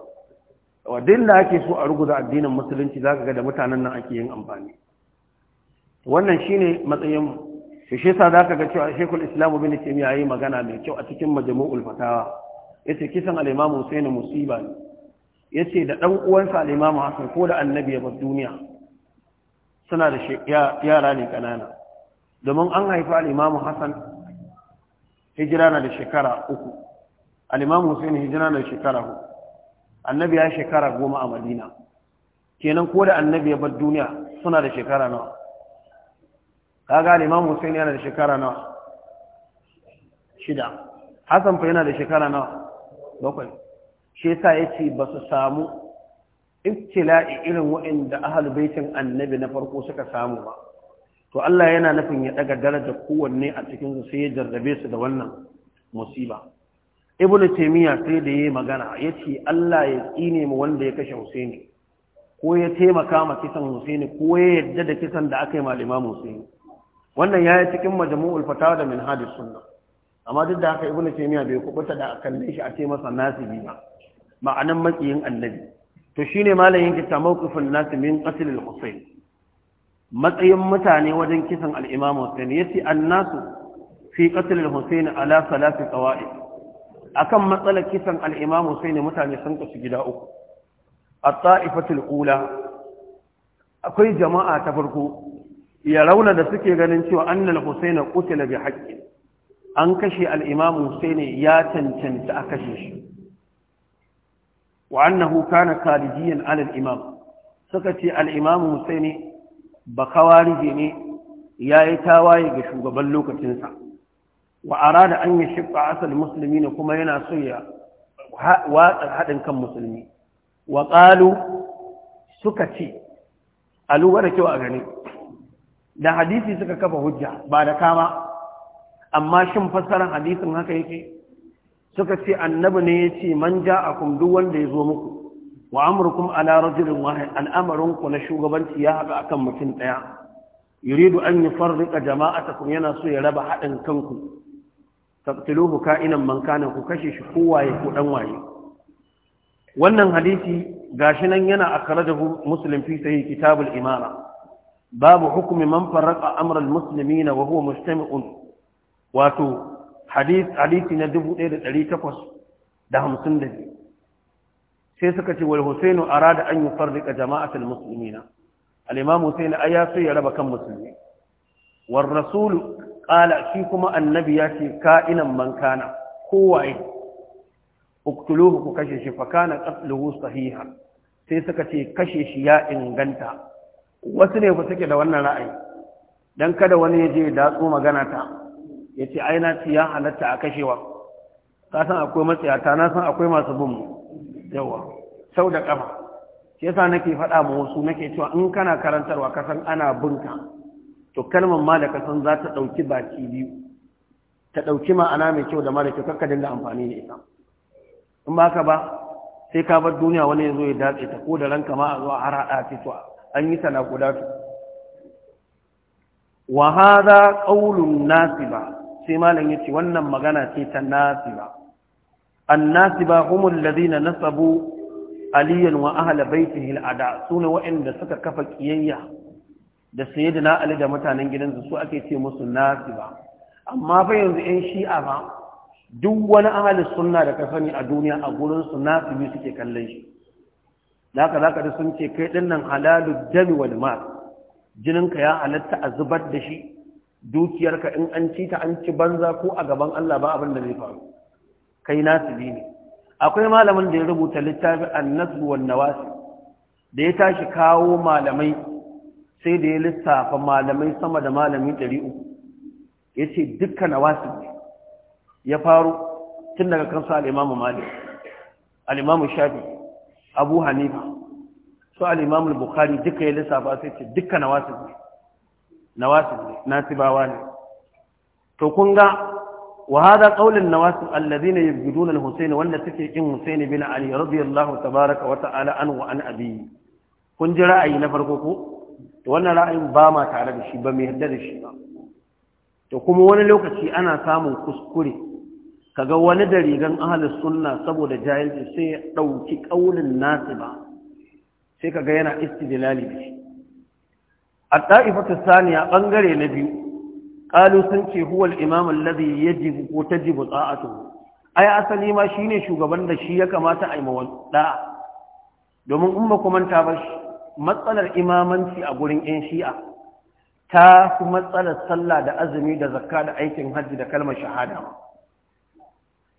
wadin da ake so a ruguza addinin musulunci za ka ga da mutanen nan ake yin amfani wannan shine matsayin shi shi sa za ka ga cewa shekul islamu bin taimiyya ya yi magana mai kyau a cikin majmu'ul fatawa ya ce kisan al'imamu sai na musiba ne ya ce da ɗan uwansa al'imamu hasan ko da annabi ya bar duniya suna da yara ne kanana. domin an haifa al'imamu hasan hijira na da shekara uku al-imamu hijira na shekara hu annabi ya shekara goma a Madina kenan ko da annabi ya bar duniya suna da shekara nawa kaga al-imamu Hussein yana da shekara nawa shida Hassan fa yana da shekara nawa bakwai shi yasa yace ba su samu ibtila'i irin waɗanda ahlul baitin annabi na farko suka samu ba to Allah yana nufin ya daga daraja kowanne a cikin su sai ya jarrabe su da wannan musiba ibnu taymiya sai da yayi magana yace Allah ya tsine mu wanda ya kashe Husaini ko ya taimaka ma kisan Husaini ko ya yadda da kisan da aka yi ma Imam Husaini wannan yayi cikin majmu'ul fatawa da minhajus sunna amma duk da haka ibn taymiya bai kubuta da kalli shi a ce masa nasibi ba ma'anan makiyin annabi to shine malamin yake ta mawqifin nasi min qatl al-Husayn matsayin mutane wajen kisan al-Imam Husaini yace annasu fi qatl al-Husayn ala salati qawaid akan matsalar kisan al'imam sai ne mutane sun kasu gida uku a ta'ifatul ula akwai jama'a ta farko ya rauna da suke ganin cewa annal husaina qutila bi haƙƙi. an kashe al-imam ya cancanta a kashe shi wa annahu kana kharijiyan ala suka ce al-imam ba khawarije ne yayi tawaye ga shugaban lokacinsa Wa'arada arada an yi shiƙa asal musulmi ne kuma yana so ya watsa haɗin kan musulmi wa ƙalu suka ce aluwa da kyau a gani da hadisi suka kafa hujja ba da kama amma shin fassarar hadisin haka yake suka ce annabi ne ya ce man a duk wanda ya zo muku wa amurkum ala rajulin al'amarinku na shugabanci ya haɗu akan mutum ɗaya yuridu an yi farrika kuma yana so ya raba haɗin kanku taqtuluhu ka'inan man kana ku kashe shi kowaye ko dan waye wannan hadisi gashi nan yana akhrajahu muslim fi sahih kitabul imara babu hukmi man farraqa amra al muslimin wa huwa mustami'un wato hadith hadisi na 1852 sai suka ce wal husainu arada an yufarriqa jama'at al muslimina al imam husaini ayya sai ya raba kan musulmi war rasulu ƙala shi kuma annabi ya ce ka'inan man kana kowaye uktuluhu ku kashe shi fa kana qatluhu sahiha sai suka ce kashe shi ya inganta wasu ne ku suke da wannan ra'ayi dan kada wani ya je da tso magana ta yace ai na ci ya halatta a kashewa ka san akwai matsayata na san akwai masu bin yawa sau da kafa shi yasa nake faɗa ma wasu nake cewa in kana karantarwa kasan ana binka to kalmar ma da ka san za ta ɗauki baki biyu ta ɗauki ma'ana mai kyau da mara kyau kakka dinga amfani da ita in ba ka ba sai ka bar duniya wani ya zo ya dace ta ko da ranka ma a zo a har haɗa ce to an yi sana guda to wa hada qawlun nasiba sai malam yace wannan magana ce ta nasiba annasiba humul ladina nasabu aliyan wa ahla baitihi al-ada sune wa'anda suka kafa kiyayya da sayyidina ali da mutanen gidansu su ake ce musu nasiba amma fa yanzu yan shi'a ba duk wani ahalin sunna da ka sani a duniya a gurin su nasibi suke kallon shi da ka zaka da sun ce kai din nan halalu dami wal mal jininka ya halatta a zubar da shi dukiyarka in an ci ta an ci banza ko a gaban Allah ba abin da zai faru kai nasibi ne akwai malamin da ya rubuta littafin annasu wan nawasi da ya tashi kawo malamai sai da ya lissafa malamai sama da malami ɗari uku ya ce dukkan wasu ya faru tun daga kansu al'imamu malik al'imamu shafi abu hanifa su al'imamu bukari duka ya lissafa sai ce dukkan wasu na, nasibawa ne to kun ga وهذا قول wanda الذين يبغضون الحسين ولا تكيكين حسين بن علي رضي wata تبارك an wa an abi kun ji ra'ayi na farko ko Da wannan ra'ayin ba ma tare da shi ba mai yarda da shi ba to kuma wani lokaci ana samun kuskure kaga wani da rigan ahalus sunna saboda jahilci sai ya ɗauki ƙaunin nasu ba sai kaga yana istidlali da shi a ta'ifatu saniya bangare na biyu qalu sun ce huwa al-imam alladhi yajibu ko tajibu ta'atuhu ai asali ma shine shugaban da shi ya kamata a yi mawa domin in ba ta manta matsalar imamanci a gurin 'yan shi'a ta fi matsalar sallah da azumi da zakka da aikin hajji da kalmar shahada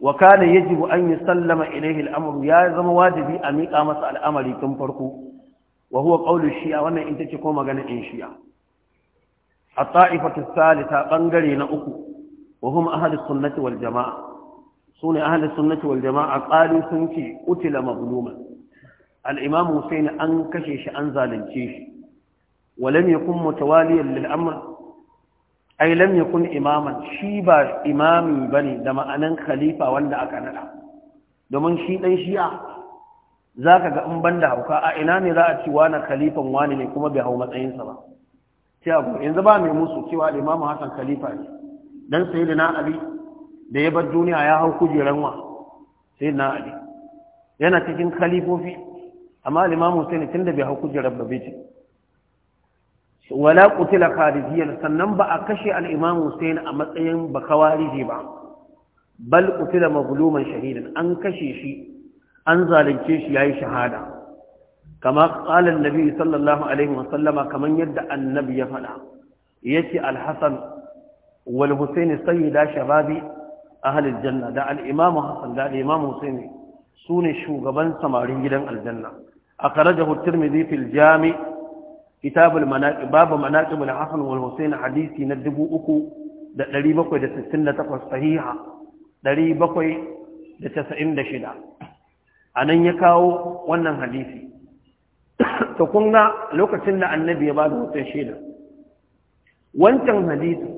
wa kana yajibu an yi sallama ilaihi al'amuru ya zama wajibi a miƙa masa al'amari tun farko wa huwa qawlu shi'a wannan ita ce ko magana 'yan shi'a a ta'ifatu salita bangare na uku wa hum ahlus sunnati wal jama'a sune ahlus sunnati wal jama'a qalu sun ce utila mazluman al-imam Hussein an kashe shi an zalunce shi walam yakun mutawaliyan lil amr ay lam kun imaman shi ba imami ne da ma'anan khalifa wanda aka nada domin shi ɗan shi'a ka ga in banda hauka a ina ne za a ci wani khalifan wani ne kuma bai hau matsayinsa ba sai abu yanzu ba mai musu cewa imam Hassan khalifa ne dan sayyidina Ali da ya bar duniya ya hau kujeran wa sayyidina Ali yana cikin khalifofi amma limamu sai ne tunda bai hau kujerar ba bai wala kutila kharijiyyan sannan ba a kashe al-imam Hussein a matsayin bakawariji ba bal qutila mazluman shahidan an kashe shi an zalunce shi yayi shahada kama qala nabi sallallahu alaihi wa sallama yadda annabi ya fada yace al-hasan wal husayn sayyida shababi a halin janna da al-imam hasan da sune shugaban samarin gidan aljanna أخرجه الترمذي في الجامع كتاب المناقب باب مناقب الحسن والحسين حديث ندبو أكو دري بقوي دا ستنة تقوى صحيحة دري بقوي دا تسعين دا شدا أنا يكاو وانا حديثي تقولنا لو كتنا النبي بعد حسين شدا وانتن حديثي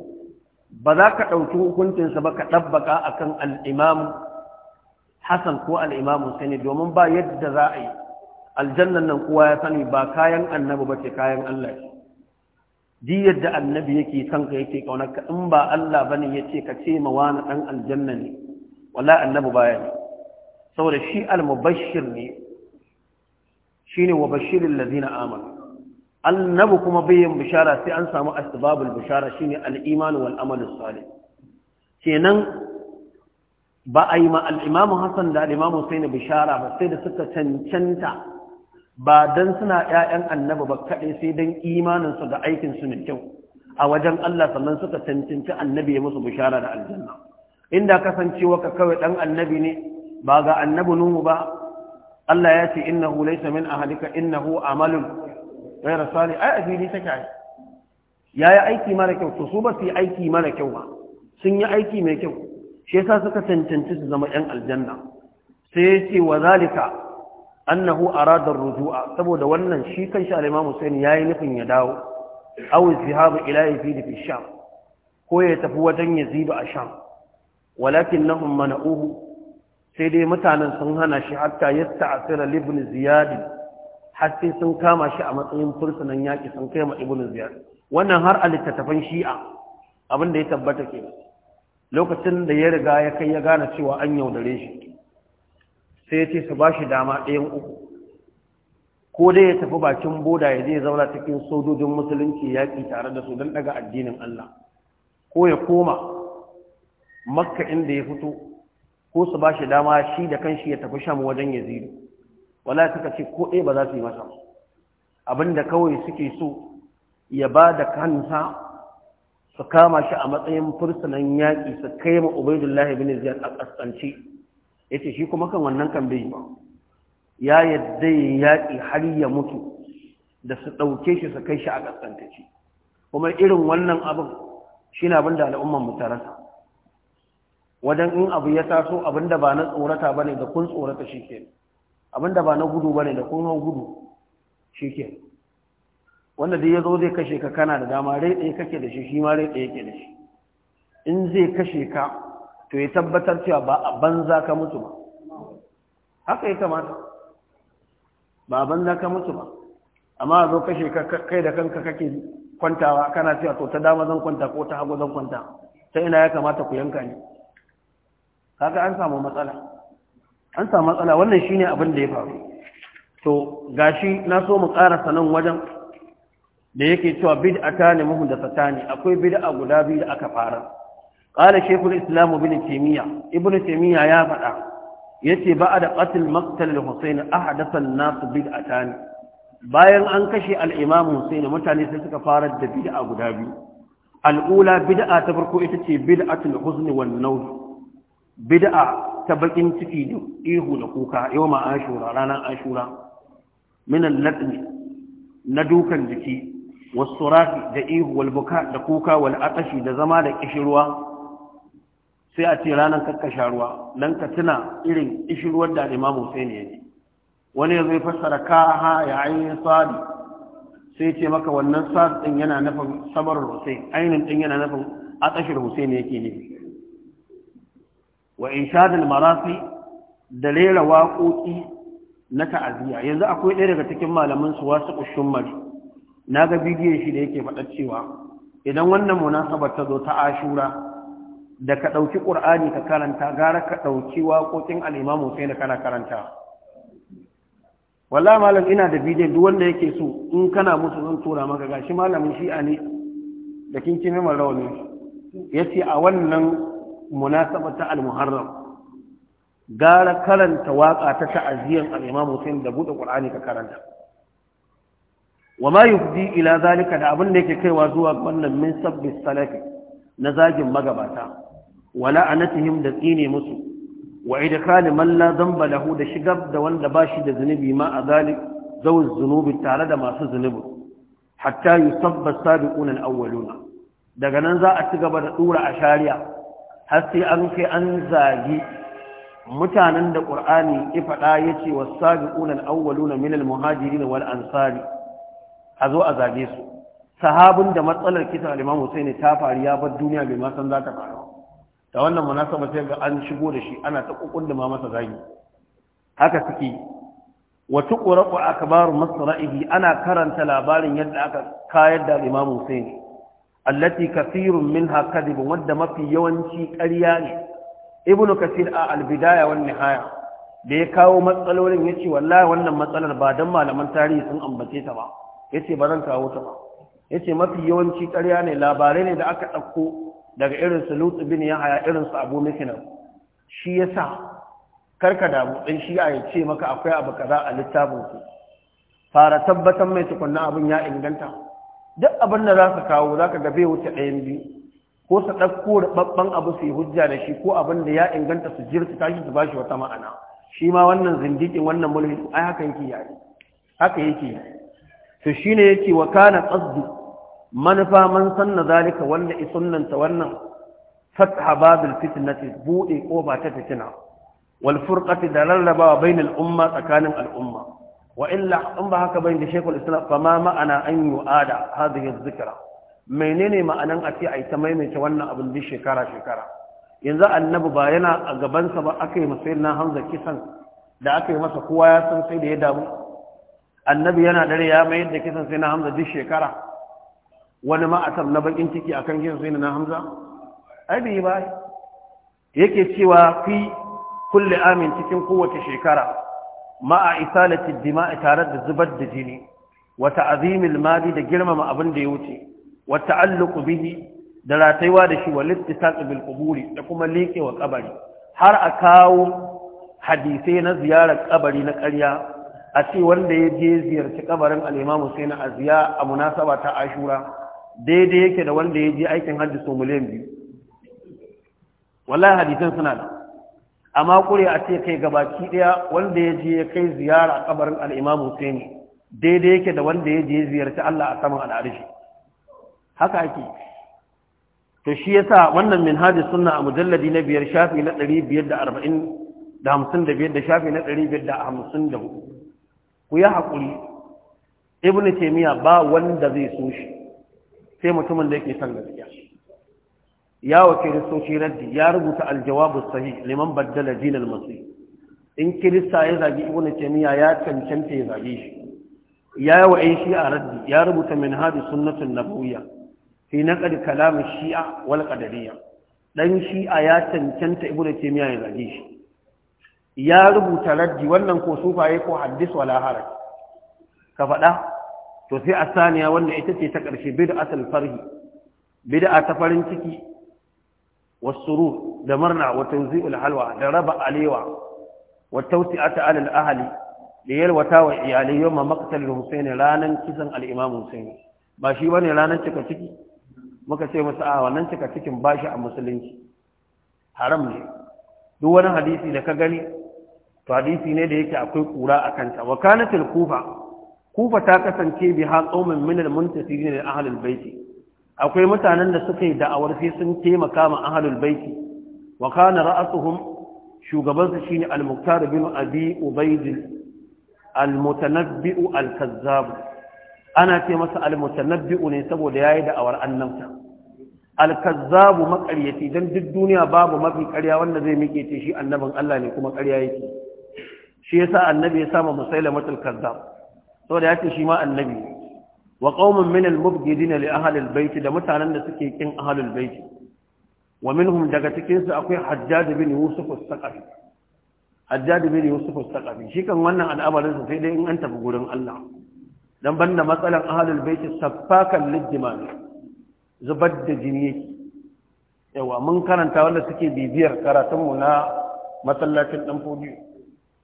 بذاك أوتو كنت سبك تبقى أكن الإمام حسن كو الإمام حسين دومن با يد ذائي aljannan nan kowa ya sani ba kayan annabi ba ce kayan Allah ce duk yadda annabi yake son ka yake kaunar ka in ba Allah ya ce ka ce ma wani ɗan aljanna ne Wala annabi baya ne saboda shi al shi ne shine wa bashiril ladina amanu annabi kuma bayan bishara sai an samu Asibabul bishara shine al-iman wal amal kenan ba a yi ma al Hassan da al sai na bishara ba sai da suka cancanta ba don suna 'ya'yan annabi ba kaɗai sai don imaninsu da aikinsu mai kyau a wajen Allah sannan suka tantance annabi ya musu bishara da aljanna inda kasancewa ka kawai dan annabi ne ba ga annabi nuhu ba Allah ya ce innahu laisa min ahadika innahu amalun ghayra salih ai afili take ai yayi aiki mara kyau to su ba su yi aiki mara kyau ba sun yi aiki mai kyau shi yasa suka tantance su zama ƴan aljanna sai ya ce wa zalika annahu arada rujua saboda wannan shi shi al-Imam Hussein yayi nufin ya dawo aw zihabu ila yazid fi sham ko ya tafi wajen yazid a sham walakinnahum mana'uhu sai dai mutanen sun hana shi hatta yasta'sira ibn ziyad hatta sun kama shi a matsayin fursunan yaki sun kai ma ibn ziyad wannan har a littattafan shi'a abin ya tabbata ke lokacin da ya riga ya kai ya gane cewa an yaudare shi sai ya ce su ba shi dama ɗayan uku ko dai ya tafi bakin boda ya zai zauna cikin sojojin musulunci yaƙi tare da su don ɗaga addinin Allah ko ya koma makka inda ya fito ko su ba shi dama shi da kanshi ya tafi sham wajen yazidu wala suka ce ko ɗaya ba za su yi masa abinda kawai suke so ya ba da kansa su kama shi a matsayin fursunan yaƙi su kai ma ubaidullahi bin ziyar a ƙasƙanci ce shi kuma kan wannan kan bai ya yadda yaƙi har ya mutu da su ɗauke shi su kai shi a ƙasƙantaci kuma irin wannan abin shi na abin da al'umman mu ta rasa wajen in abu ya taso abin da ba na tsorata ba ne da kun tsorata shi ke abin da ba na gudu ba ne da kun hau gudu shi ke wanda dai ya zo zai kashe ka kana da dama rai ɗaya kake da shi shi ma rai ɗaya yake da shi in zai kashe ka to ya tabbatar cewa ba a banza ka mutu ba haka ya kamata ba a banza ka mutu ba amma zo kashe kai da kanka kake kwantawa kana cewa to ta dama zan kwanta ko ta hagu zan kwanta ta ina ya kamata ku yanka ni haka an samu matsala an samu matsala wannan shi ne abin da ya faru to gashi na so mu ƙara sanan wajen da yake cewa ta ne da ne akwai bid'a guda biyu da aka fara قال شيخ الإسلام ابن تيمية ابن ya faɗa. Ya ce ba a da ƙasin maktalin hussein a hadasan nasu bid'a ta ne bayan an kashe al’imam hussein mutane sai suka fara da bid'a guda biyu al’ula bid'a ta farko ita ce bid'a ta da husni wannan bid'a ta bakin ciki da ihu da kuka yau ma ashura ranar ashura minan latsi na dukan jiki wasu rafi da ihu buka da kuka wal atashi da zama da kishirwa sai a ce ranar kakkasha ruwa don ka tuna irin ishirwar da imamu sai ne ne wani zai fassara ka ha ya ainihin sadi sai ce maka wannan sadi din yana nufin samar hussein ainihin din yana nufin atsashir hussein yake ne wa inshadul marasi da rera waƙoƙi na ta'aziyya yanzu akwai ɗaya daga cikin malaman su wasu ƙushin mari na ga bidiyon shi da yake faɗa cewa idan wannan munasabar ta zo ta ashura da ka ɗauki ƙur'ani ka karanta gara ka ɗauki waƙoƙin al'imamu sai da kana karanta walla malam ina da bidiyon duk wanda yake so in kana musu zan tura maka gashi malamin shi a ne da kinki mai rawani ya ce a wannan munasaba ta al gara karanta waƙa ta ta'aziyan al'imamu sai da buɗe ƙur'ani ka karanta wa ma yufdi ila zalika da abin da yake kaiwa zuwa wannan min sabbi salafi na zagin magabata Wala'a anatihim da tsine musu wa idkhal man la dhanba lahu da shigar da wanda bashi da zunubi ma a zalik zawuz zunubi tare da masu zunubi hatta yusabba sabiquna al-awwaluna daga nan za a ci gaba da dura a shari'a har sai an kai an zagi mutanen da qur'ani ya fada yace was-sabiquna al-awwaluna min al-muhajirin wal ansari a zo a zage su sahabin da matsalar kisa al-imam Husaini ta faru ya bar duniya bai ma san ta faru da wannan munasaba sai ga an shigo da shi ana ta kukunduma masa zagi haka suke wa tuqra'u akbaru masra'ihi ana karanta labarin yadda aka kayar da Imam Hussein allati kathirun minha kadhib wadda mafi yawanci ƙarya ne ibnu kathir a al-bidaya wan nihaya da ya kawo matsalolin ya ce wallahi wannan matsalar ba dan malaman tarihi sun ambace ta ba Ya ce ba zan kawo ta ba Ya ce mafi yawanci ƙarya ne labarai ne da aka ɗauko daga irin su lutsu bin haya, irin su Abu Miknan shi yasa karka damu din shi ya ce maka akwai abu kaza a littafin ku fara tabbatar mai tukunna abin ya inganta duk abin da zaka kawo zaka ga bai wuce ɗayan biyu ko su ɗauko babban abu su yi hujja da shi ko abin da ya inganta su jirta tashi su ba bashi wata ma'ana shi ma wannan zindikin wannan mulki ai haka yake yayi haka yake to shine yake wa kana qasdu manufa man sanna zalika wanda isunanta wannan fatha babil fitnati bude ba ta fitina wal furqati da rarrabawa bainal umma tsakanin al'umma wa illa in ba haka bayin da shekul islam fa ma ma'ana an yu'ada hadhihi dhikra menene ma'anan a ce a ta maimaita wannan abin da shekara shekara yanzu annabi ba yana a gabansa ba aka yi masa na hamza kisan da aka yi masa kowa ya san sai da ya damu annabi yana dare ya mayar da kisan sai na hamza duk shekara wani ma na bakin ciki akan yin sai na hamza ai ba yake cewa fi kulle amin cikin kowace shekara ma'a isalati dima'i tare da zubar da jini wata azimil madi da girmama abin da ya wuce wata ta'alluqu bihi da rataiwa da shi wa littisaq bil quburi da kuma liƙe wa kabari har a kawo hadisai na ziyarar kabari na ƙarya a ce wanda ya je ziyarci kabarin al aziya a munasaba ta Ashura daidai yake da wanda ya je aikin hajji so miliyan biyu wallahi hadisan suna da amma kure a ce kai gabaki daya wanda ya je ya kai ziyara a kabarin al'imam imam Husaini daidai yake da wanda ya je ziyarci Allah a saman al'arishi haka ake to shi yasa wannan hajji sunna a mujalladi na biyar shafi na biyar da arba'in da hamsin da da biyar shafi na biyar da da hamsin hudu ku yi hakuri ibnu taimiyya ba wanda zai so shi sai mutumin da yake son gaskiya ya wa kiristoci raddi ya rubuta aljawabu sahi, liman baddala dinal masih in kirista ya zagi ibnu taymiya ya cancanta ya zage shi ya yi wa ai a raddi ya rubuta minhaj sunnatun nabawiyya fi naqd kalam shi'a wal qadariyya dan shi'a ya cancanta ibnu taymiya ya zage shi ya rubuta raddi wannan ko sufaye ko hadis wala haraj ka faɗa to sai asaniya wanda ita ce ta ƙarshe asal farhi bid'a ta farin ciki wasurur da murna wa tanzi'ul halwa da raba alewa wa ta alal ahli da yalwata wa iyalai yawma maqtalul husaini ranan kisan al-imam husaini ba shi bane ranan cika ciki muka ce masa a wannan cika cikin bashi a musulunci haram ne duk wani hadisi da ka gani to hadisi ne da yake akwai kura a kanta wa kanatil kufa kufa ta kasance bi ha qauman min al ne da ahli baiti akwai mutanen da suka yi da'awar sai sun taimaka ma ahlul baiti wa kana ra'atuhum shugaban su shine al-muktar bin abi ubayd al-mutanabbi al-kazzab ana ce masa al-mutanabbi ne saboda yayi da'awar annabta al-kazzab maƙaryaci dan duk duniya babu mafi ƙarya wanda zai mike ce shi annabin Allah ne kuma ƙarya yake shi yasa annabi ya sama musailamatul kazzab saboda ya ce shi ma annabi wa qaumun min al-mubghidin li ahli al-bayt da mutanen da suke kin ahli al-bayt wa minhum daga cikin su akwai Hajjaj bin Yusuf al-Saqafi Hajjaj bin Yusuf al-Saqafi shi kan wannan al'amarin sa sai dai in an tafi gurin Allah dan banda matsalan ahli al-bayt saffakan lijman zubar da jini yawa mun karanta wanda suke bibiyar karatunmu na masallacin dan fodiyo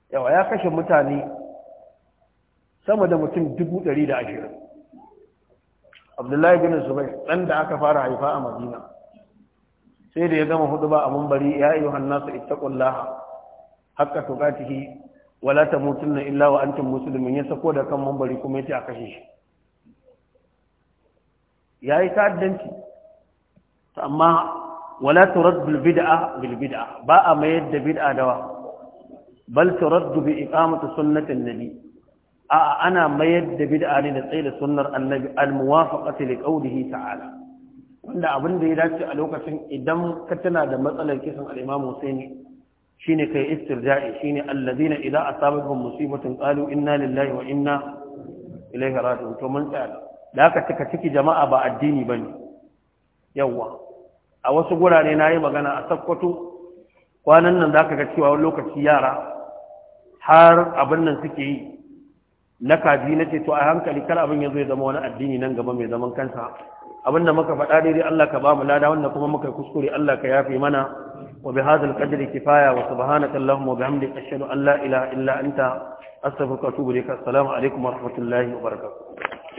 yawa ya kashe mutane sama da mutum dubu ɗari da ashirin abdullahi bin zubair ɗan da aka fara haifa a madina sai da ya gama hudu ba a mambari ya yi hannasu ittaqullaha haqqa tuqatihi wala tamutunna illa wa antum muslimin ya sako da kan mambari kuma yace a kashe shi yayi ta'addanci amma wala turad bil bid'a bil bid'a ba a mayar da bid'a dawa bal turad bi iqamati sunnati an-nabi A'a ana mayar da bid'a ne da tsaye da sunnar annabi al-muwafaqati li qawlihi ta'ala wanda abin da ya dace a lokacin idan ka tana da matsalar kisan al-Imam Hussein shine kai istirja'i shine alladhina idza asabatuhum musibatun qalu inna lillahi wa inna ilaihi raji'un to mun tsaya da ka cika ciki jama'a ba addini bane yawa a wasu gurare nayi magana a Sokoto kwanan nan zaka ga cewa lokaci yara har abin nan suke yi na kaji na ce to a hankali kar abin ya zo ya zama wani addini nan gaba mai zaman kansa abin da muka faɗa daidai Allah ka bamu lada wanda kuma muka yi kuskure Allah ka yafe mana wa bi hadzal qadri kifaya wa subhanaka allahumma wa bihamdika ashhadu an la ilaha illa anta astaghfiruka wa atubu ilaik assalamu alaikum wa rahmatullahi wa barakatuh